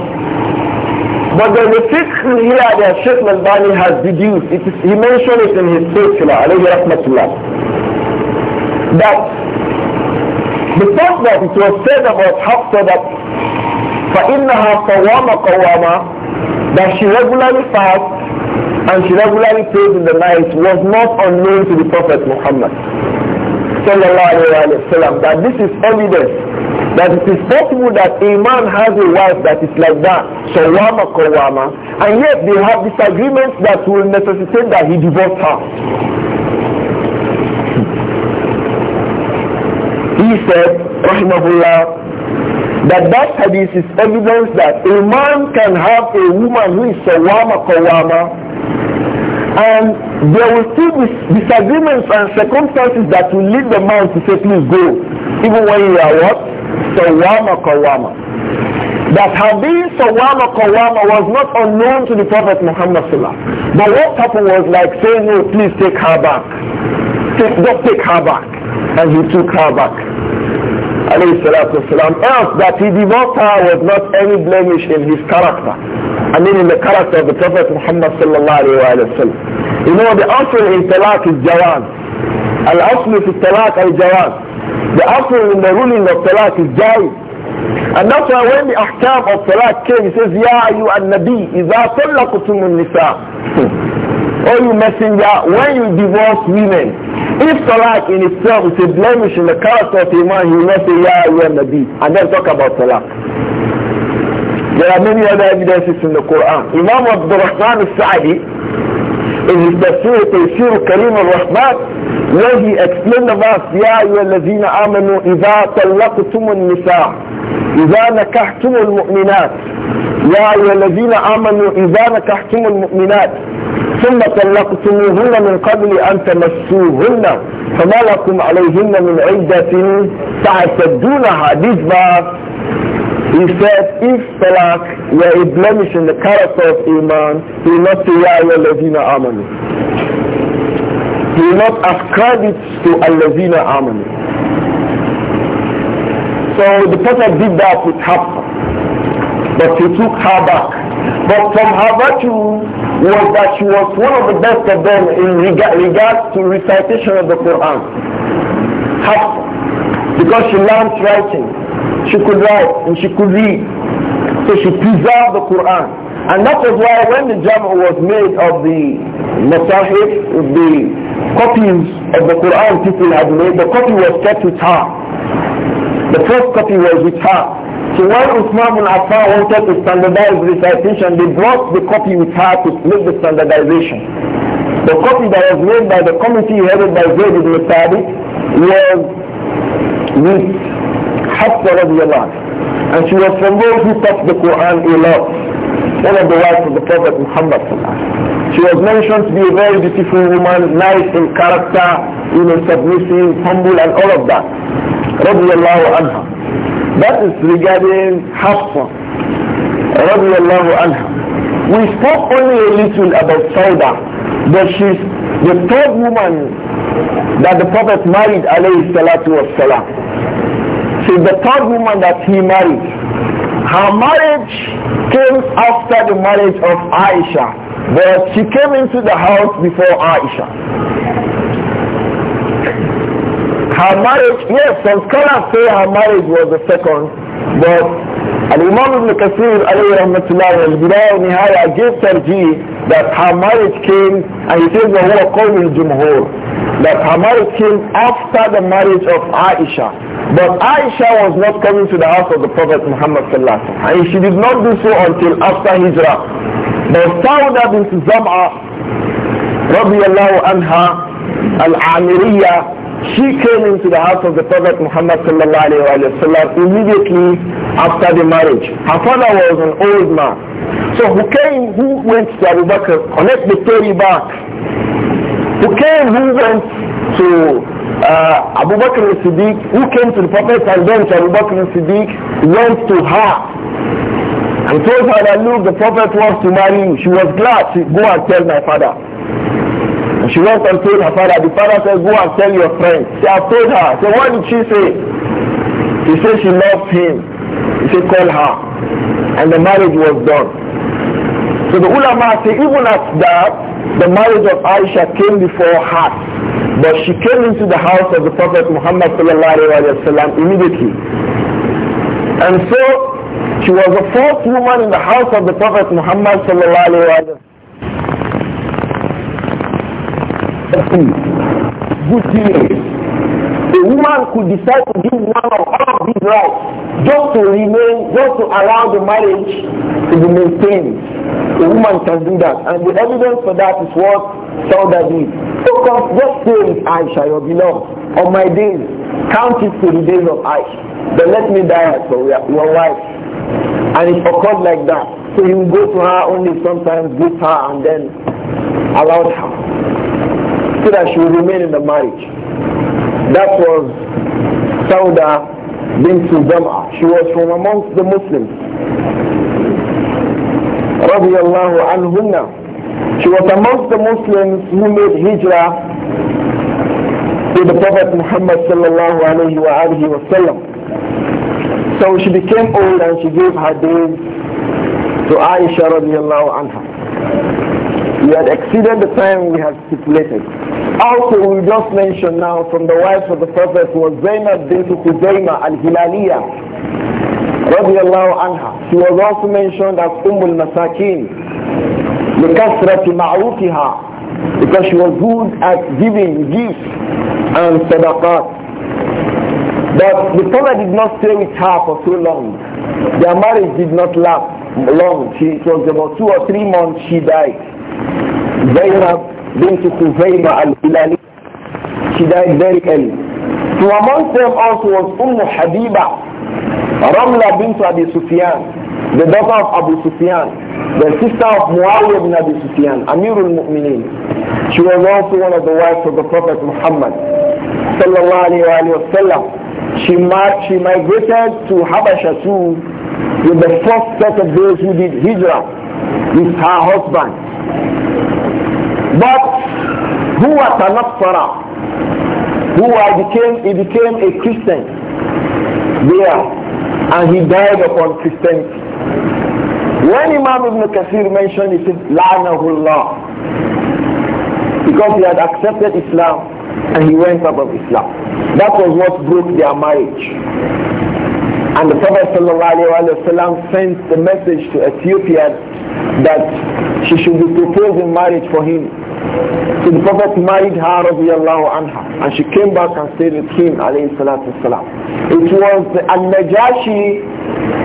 But the fiqh here that Sheikh Malbani has deduced, it is, he mentioned it in his circular, alayhi rahmatullah, that the fact that it was said about Hafsa that فإنها صوام قواما that she regularly fasts and she regularly prays in the night was not unknown to the Prophet Muhammad sallallahu that this is evidence that it is possible that a man has a wife that is like that sawama kawama and yet they have disagreements that will necessitate that he divorce her he said rahimahullah that that hadith is evidence that a man can have a woman who is sawama kawama and there will still be disagreements and circumstances that will lead the man to say please go even when you are what? sawama kawama that having sawama kawama was not unknown to the Prophet Muhammad but what happened was like saying no oh, please take her back take, just take her back and he took her back والسلام, else that he divorced her was not any blemish in his character. I mean in the character of the Prophet Muhammad sallallahu alaihi wasallam. You know, the asl in talaq is jawan. Al-asl in talaq is jawan The asl in the ruling of talaq is jaiz. And that's why when the ahkam of talaq came, he says, Ya ayu an-nabi, idha talaqtum an-nisa. O you messenger, when you divorce women, if salah in itself is a blemish in the character of a man, he will not say, Ya are Nabi, and then talk about salah. There are many other evidences in the Quran. Imam Abdul Rahman al-Sa'di, in the Surah Tafsir Karim al-Rahman where يا أيها الذين آمنوا إذا طلقتم النساء إذا نكحتم المؤمنات يا أيها الذين آمنوا إذا نكحتم المؤمنات ثم طلقتموهن من قبل أن تمسوهن فما لكم عليهن من عدة تعتدونها This He said, if Salak were a blemish in the character of a man, he will not say, Ya Allazina Amanu. He will not ascribe it to Allazina Amanu. So the Prophet did that with Hafsa. But he took her back. But from her virtue was that she was one of the best of them in rega regards to recitation of the Quran. Hafsa. Because she learned writing. She could write and she could read. So she preserved the Quran. And that was why when the Jama was made of the Masahif, the copies of the Quran people had made, the copy was kept with her. The first copy was with her. So when Usman bin Affan wanted to standardize recitation, they brought the copy with her to make the standardization. The copy that was made by the committee headed by Zaid ibn Thabit was with Hafsa radiallahu and she was from those who taught the Quran a lot. One of the wives of the Prophet Muhammad She was mentioned to be a very beautiful woman, nice in character, you know, submissive, humble and all of that. Radiallahu anha. That is regarding Hafsa radiallahu anha. We spoke only a little about Sauda, but she's the third woman that the Prophet married alayhi salatu was She's the third woman that he married. Her marriage came after the marriage of Aisha, but she came into the house before Aisha. Her marriage, yes, some scholars say her marriage was the second, but Al-Imam ibn Kathir alayhi rahmatullah al-Bidayah Nihaya gave Sarji that her marriage came and he says, وَهُوَ in Jumhur that Hamal came after the marriage of Aisha. But Aisha was not coming to the house of the Prophet Muhammad sallallahu and she did not do so until after Hijrah. But Sauda bint Zam'a radiallahu anha al-Amiriyah she came into the house of the Prophet Muhammad الله عليه وسلم immediately after the marriage. Her father was an old man. So who came, who went to Abu Bakr, connect the story back who came, who went to uh, Abu Bakr al-Siddiq, who came to the Prophet and then to Abu Bakr al-Siddiq, went to her and told her that look, the Prophet wants to marry you. She was glad. She go and tell my father. And she went and told her father. The father said, go and tell your friend. She have told her. So what did she say? She said she loved him. He said, call her. And the marriage was done. So the ulama say even at that, the marriage of Aisha came before her. But she came into the house of the Prophet Muhammad immediately. And so she was the fourth woman in the house of the Prophet Muhammad Good years. The woman could decide to give one of all of these rights just to remain, just to allow the marriage to be maintained. The woman can do that. And the evidence for that is what Sauda did. So come, just say Aisha, your beloved, on my days, count it to the days of Aisha. Then let me die as so your wife. And it occurred like that. So he would go to her only sometimes, give her, and then allow her so that she will remain in the marriage. That was Sauda bint Zam'a. She was from amongst the Muslims. Radiallahu anhunna. She was amongst the Muslims who made hijrah to the Prophet Muhammad sallallahu alayhi wa alihi wa sallam. So she became old and she gave her days to Aisha radiallahu anha. We had exceeded the time we had stipulated. Also, we just mentioned now from the wives of the Prophet was Zainab bint Khuzayma al-Hilaliya radiallahu anha. She was also mentioned as Umm al-Masakin لِكَثْرَةِ مَعْرُوفِهَا because she was good at giving gifts and sadaqat. But the Prophet did not stay with her for so long. Their marriage did not last long. She, it was about two or three months she died. Zainab bint Kuzayma al-Hilali. She died very early. To amongst them also was Umm Habiba, Ramla bint Abi Sufyan, the daughter of Abu Sufyan, the sister of Muawiyah bin Abi Sufyan, Amirul Mu'minin. She was also one of the wives of the Prophet Muhammad sallallahu alayhi wa sallam. She, she migrated to Habasha too with the first set of those who did hijrah with her husband. But who was an Nasara, who became, he became a Christian there, and he died upon Christianity. When Imam Ibn Kathir mentioned, he said, La'nahullah, because he had accepted Islam and he went out of Islam. That was what broke their marriage. And the Prophet ﷺ sent the message to Ethiopia that she should be proposing marriage for him. So the Prophet married her radiallahu anha and she came back and stayed with him alayhi salatu It was the Al-Najashi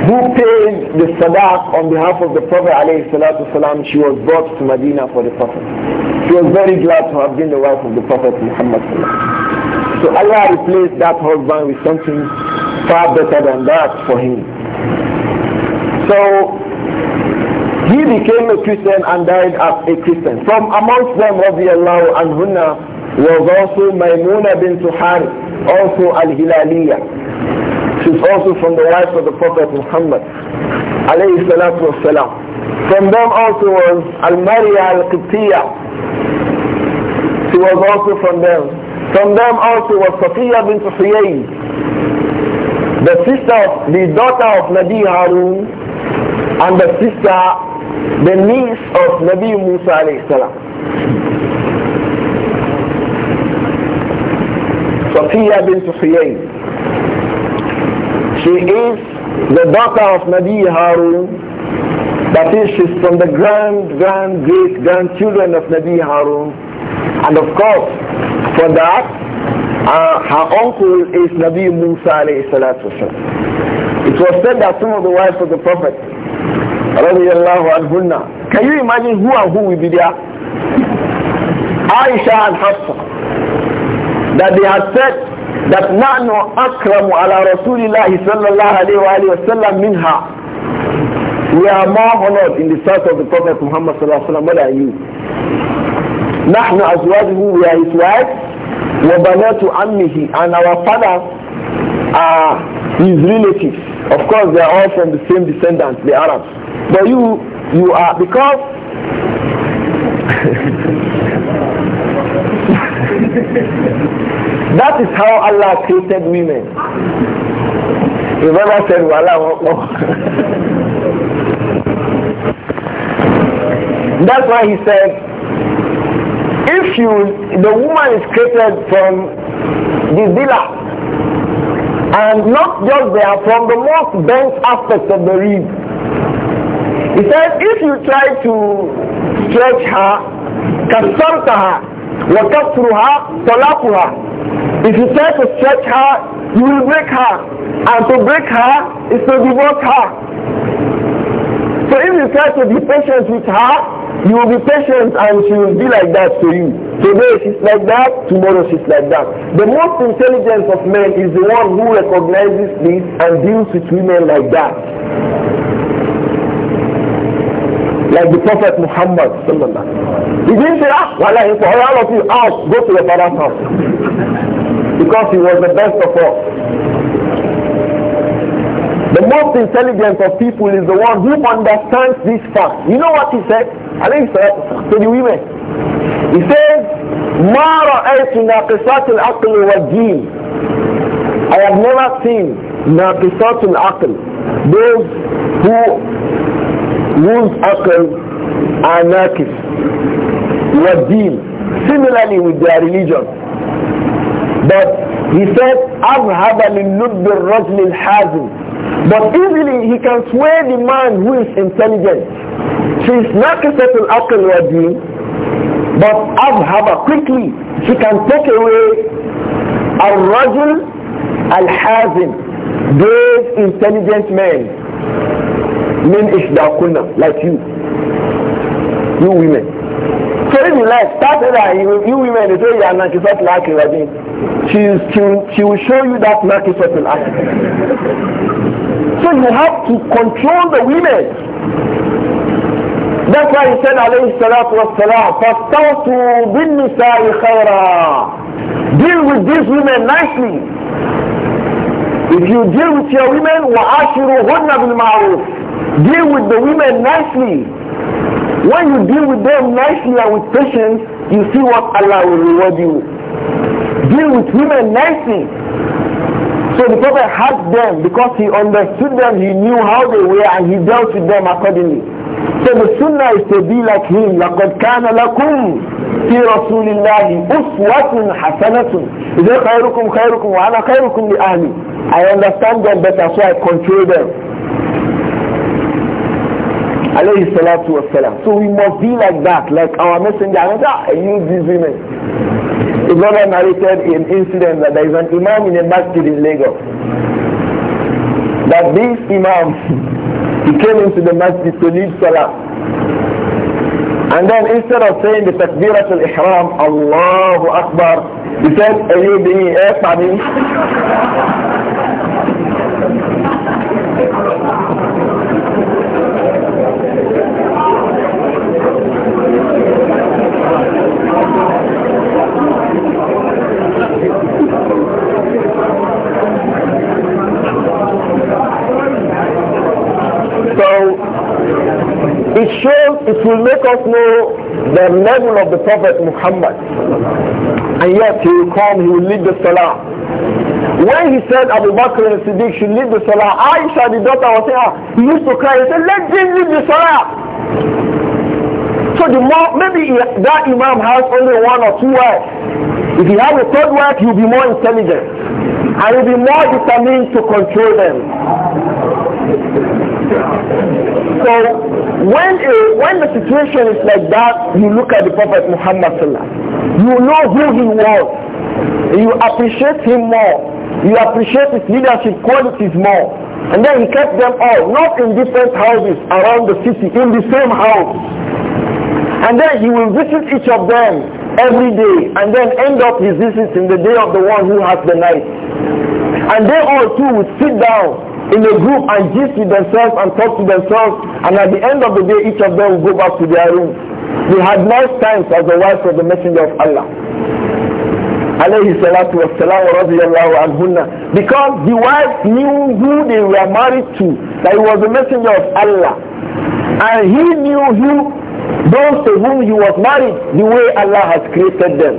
who paid the sadaq on behalf of the Prophet alayhi salatu She was brought to Medina for the Prophet. She was very glad to have been the wife of the Prophet Muhammad So Allah replaced that husband with something far better than that for him. So he became a Christian and died as a Christian. From amongst them, and Hunna was also Maimuna bin Tuhar, also Al-Hilaliyah. She's also from the wives of the Prophet Muhammad, From them also was al Maria Al-Qibtiyah. She was also from them. From them also was Safiya bin Huyayn, the sister the daughter of Nadi Harun, and the sister the niece of Nabi Musa alayhi salam. Safiya bint Huyayn. She is the daughter of Nabi Harun. That is, she's from the grand, grand, great grandchildren of Nabi Harun. And of course, for that, uh, her uncle is Nabi Musa alayhi salatu It was said that some of the wives of the Prophet radiyallahu anhunna. Can you imagine who and who will be there? Aisha and Hafsa. That they had said that nahnu akramu ala rasulillahi sallallahu alayhi wa sallam minha. We are more honored in the sight of the Prophet Muhammad sallallahu alayhi wa sallam than you. نحن أزواجه we are his wife وبنات عمه and our father are his relatives. Of course, they are all from the same descendants, the Arabs. But you, you are, because that is how Allah created women. You never said, That's why he said, if you, the woman is created from the villa, and not just there, from the most bent aspect of the rib, he said, if you try to stretch her, kasartaha, wa kasruha, her, If you try to stretch her, you will break her. And to break her is to divorce her. So if you try to be patient with her, you will be patient and she will be like that to you. Today she's like that, tomorrow she's like that. The most intelligent of men is the one who recognizes this and deals with women like that. Like the Prophet Muhammad. He didn't say, ah, well, like, for all of you, out, go to your father's house. Because he was the best of all. The most intelligent of people is the one who understands this fact. You know what he said? I he said to the women. He says, ما رأيت ناقصات wa والدين. I have never seen ناقصات العقل. Those who whose akal are nakis wadeen similarly with their religion but he said أذهب للنب الرجل الحازم but easily he can sway the man who is intelligent she is a certain akal wadeen but أذهب quickly she can take away a الرجل al-hazim Those intelligent men min ishdakunna like you you women so if you like start with that you, you women they say you are like laki rajin she she she will show you that nakisat laki so you have to control the women that's why he said alayhi salatu wassalam fastawtu bin nisa'i khayra deal with these women nicely if you deal with your women وعاشروهن بالمعروف Deal with the women nicely. When you deal with them nicely and with patience, you see what Allah will reward you. Deal with women nicely. So the Prophet had them because he understood them, he knew how they were, and he dealt with them accordingly. So the sunnah is to be like him. لَقَدْ كَانَ لَكُمْ فِي رَسُولِ اللَّهِ أُسْوَةٌ حَسَنَةٌ إِذَا خَيْرُكُمْ خَيْرُكُمْ وَأَنَا خَيْرُكُمْ لِأَهْلِ I understand them better, so I control them alayhi salatu wasalam. So we must be like that, like our messenger. Ah, I use these women. The brother narrated an incident that there is an imam in a masjid in Lagos. That this imam, he came into the masjid to lead salah. And then instead of saying the takbirat al-ihram, Allahu Akbar, he said, Ayyubi, eh, Ayyubi, It shows, it will make us know the level of the Prophet Muhammad. And yet he will come, he will lead the Salah. When he said Abu Bakr and Siddiq should lead the Salah, Aisha, the daughter, was saying, ah, he used to cry, he said, let them lead the Salah. So the more, maybe that Imam has only one or two wives. If he has a third wife, he'll be more intelligent. And he'll be more determined to control them. So when a, when the situation is like that, you look at the Prophet Muhammad Sallallahu You know who he was. You appreciate him more. You appreciate his leadership qualities more. And then he kept them all, not in different houses around the city, in the same house. And then he will visit each of them every day and then end up his visits in the day of the one who has the night. And they all too would sit down in a group and gist with themselves and talk to themselves and at the end of the day each of them will go back to their room. They had nice times as the wife of the messenger of Allah. Alayhi salatu wassalam anhunna. Because the wife knew who they were married to, that he was the messenger of Allah. And he knew who, those to whom he was married, the way Allah has created them.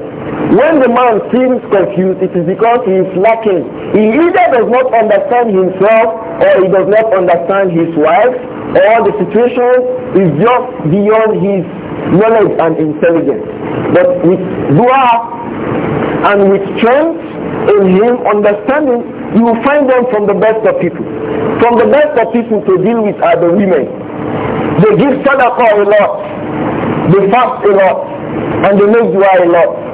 When the man seems confused, it is because he is lacking. He either does not understand himself or he does not understand his wife or the situation is just beyond his knowledge and intelligence. But with dua and with strength in him understanding, you will find them from the best of people. From the best of people to deal with are the women. They give sadaqah a lot. They fast a lot. And they make dua a lot.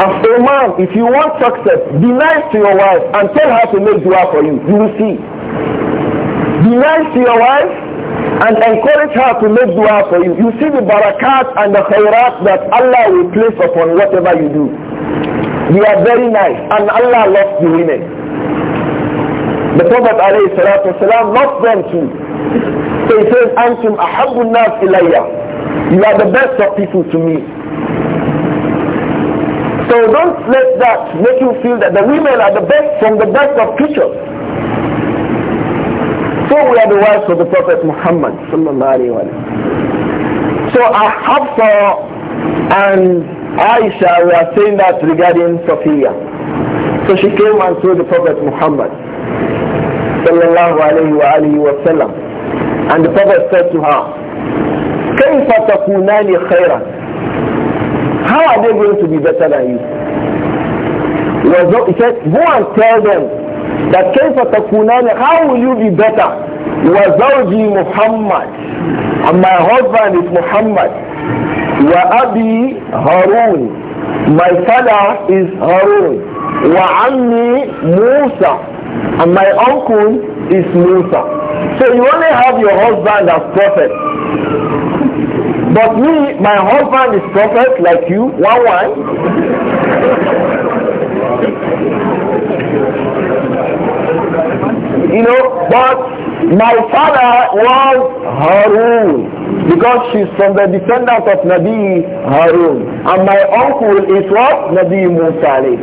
As a man, if you want success, be nice to your wife and tell her to make dua for you. You will see. Be nice to your wife and encourage her to make dua for you. You see the barakat and the khairat that Allah will place upon whatever you do. You are very nice and Allah loves the women. The Prophet ﷺ loved them too. So he says, Antum ahabbun nas ilayya. You are the best of people to me. So don't let that make you feel that the women are the best from the best of creatures. So we are the wives of the Prophet Muhammad So uh, Hafsa and Aisha were saying that regarding Safiya. So she came and told the Prophet Muhammad sallallahu And the Prophet said to her, كيف تكونان خيرا how are they going to be better than you? He, was not, he said, go and tell them that came for Takunana, how will you be better? وَزَوْجِي Muhammad and my husband is Muhammad. Abi Harun. My father is Harun. وَعَمِّي Musa and my uncle is Musa. So you only have your husband as prophet. But me, my husband is prophet like you, one one. you know, but my father was Harun because she's from the descendant of Nabi Harun and my uncle is what? Nabi Musa alayhi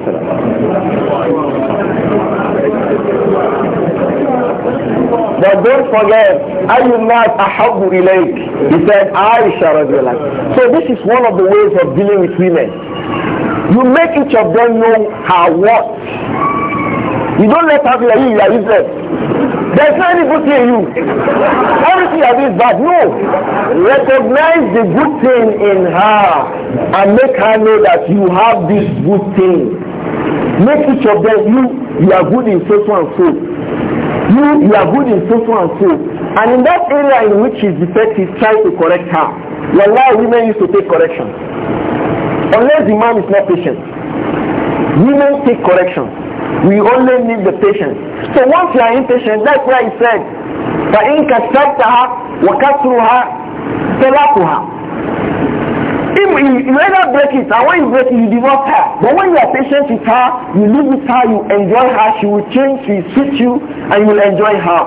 But don't forget, are you not ahabu ilayk? He said, Aisha radiallahu So this is one of the ways of dealing with women. You make each of them know her worth. You don't let her be like you, you are useless. There's no any good thing in you. Everything of this bad. No. Recognize the good thing in her and make her know that you have this good thing. Make each of them you you are good in so and so you you are good in so so and so and in that area in which she is defective try to correct her wallahi women used to take correction unless the man is not patient women take correction we only need the patience so once you are impatient that's why he said فَإِنْ كسبتها وكسرها طلاقها He you, you either break it, and when you break it, you divorce her. But when you are patient with her, you live with her, you enjoy her, she will change, she will suit you, and you will enjoy her.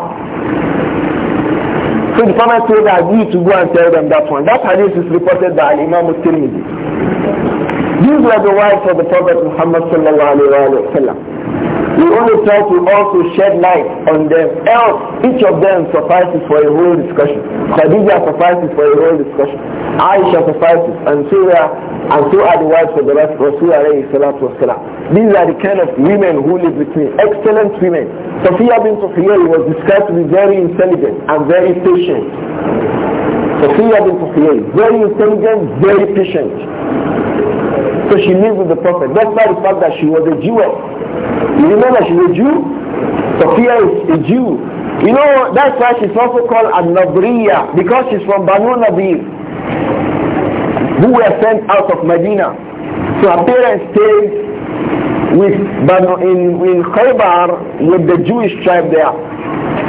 So the farmer told her, you to go and tell them that one. That hadith is reported by Imam Muslim. These were the wives of the Prophet Muhammad sallallahu alayhi wa sallam. We only try to also shed light on them. Else, each of them suffices for a whole discussion. Khadija suffices for a whole discussion. Aisha suffices, and are, and so are the wives of the Rasul alayhi salatu wasalam. These are the kind of women who live with me. Excellent women. Sophia bint Sophia was described to be very intelligent and very patient. Sophia bint Sophia, very intelligent, very patient. So she lived with the Prophet. That's why the fact that she was a Jewess. You Remember, she's a Jew. Sophia is a Jew. You know, that's why she's also called An-Nabriya, because she's from Banu Nadir, who were sent out of Medina. So her parents stayed with Banu in, in Khaybar with the Jewish tribe there.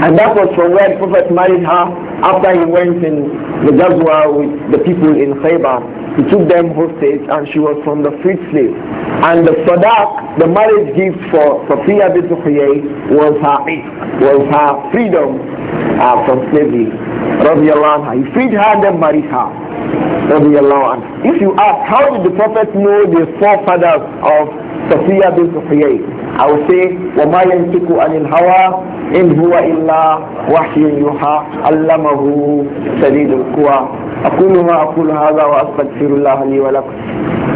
And that was from where the Prophet married her after he went in the Jazwa with the people in Khaybar, he took them hostage and she was from the freed slave. And the sadaq, the marriage gift for Safiya bint Huyay was her, was her freedom uh, from slavery. He freed her and then married her. If you ask, how did the Prophet know the forefathers of Safiya bint Huyay? أو سي وما ينطق عن الهوى إن هو إلا وحي يوحى علمه شديد القوى أقول ما أقول هذا وأستغفر الله لي ولكم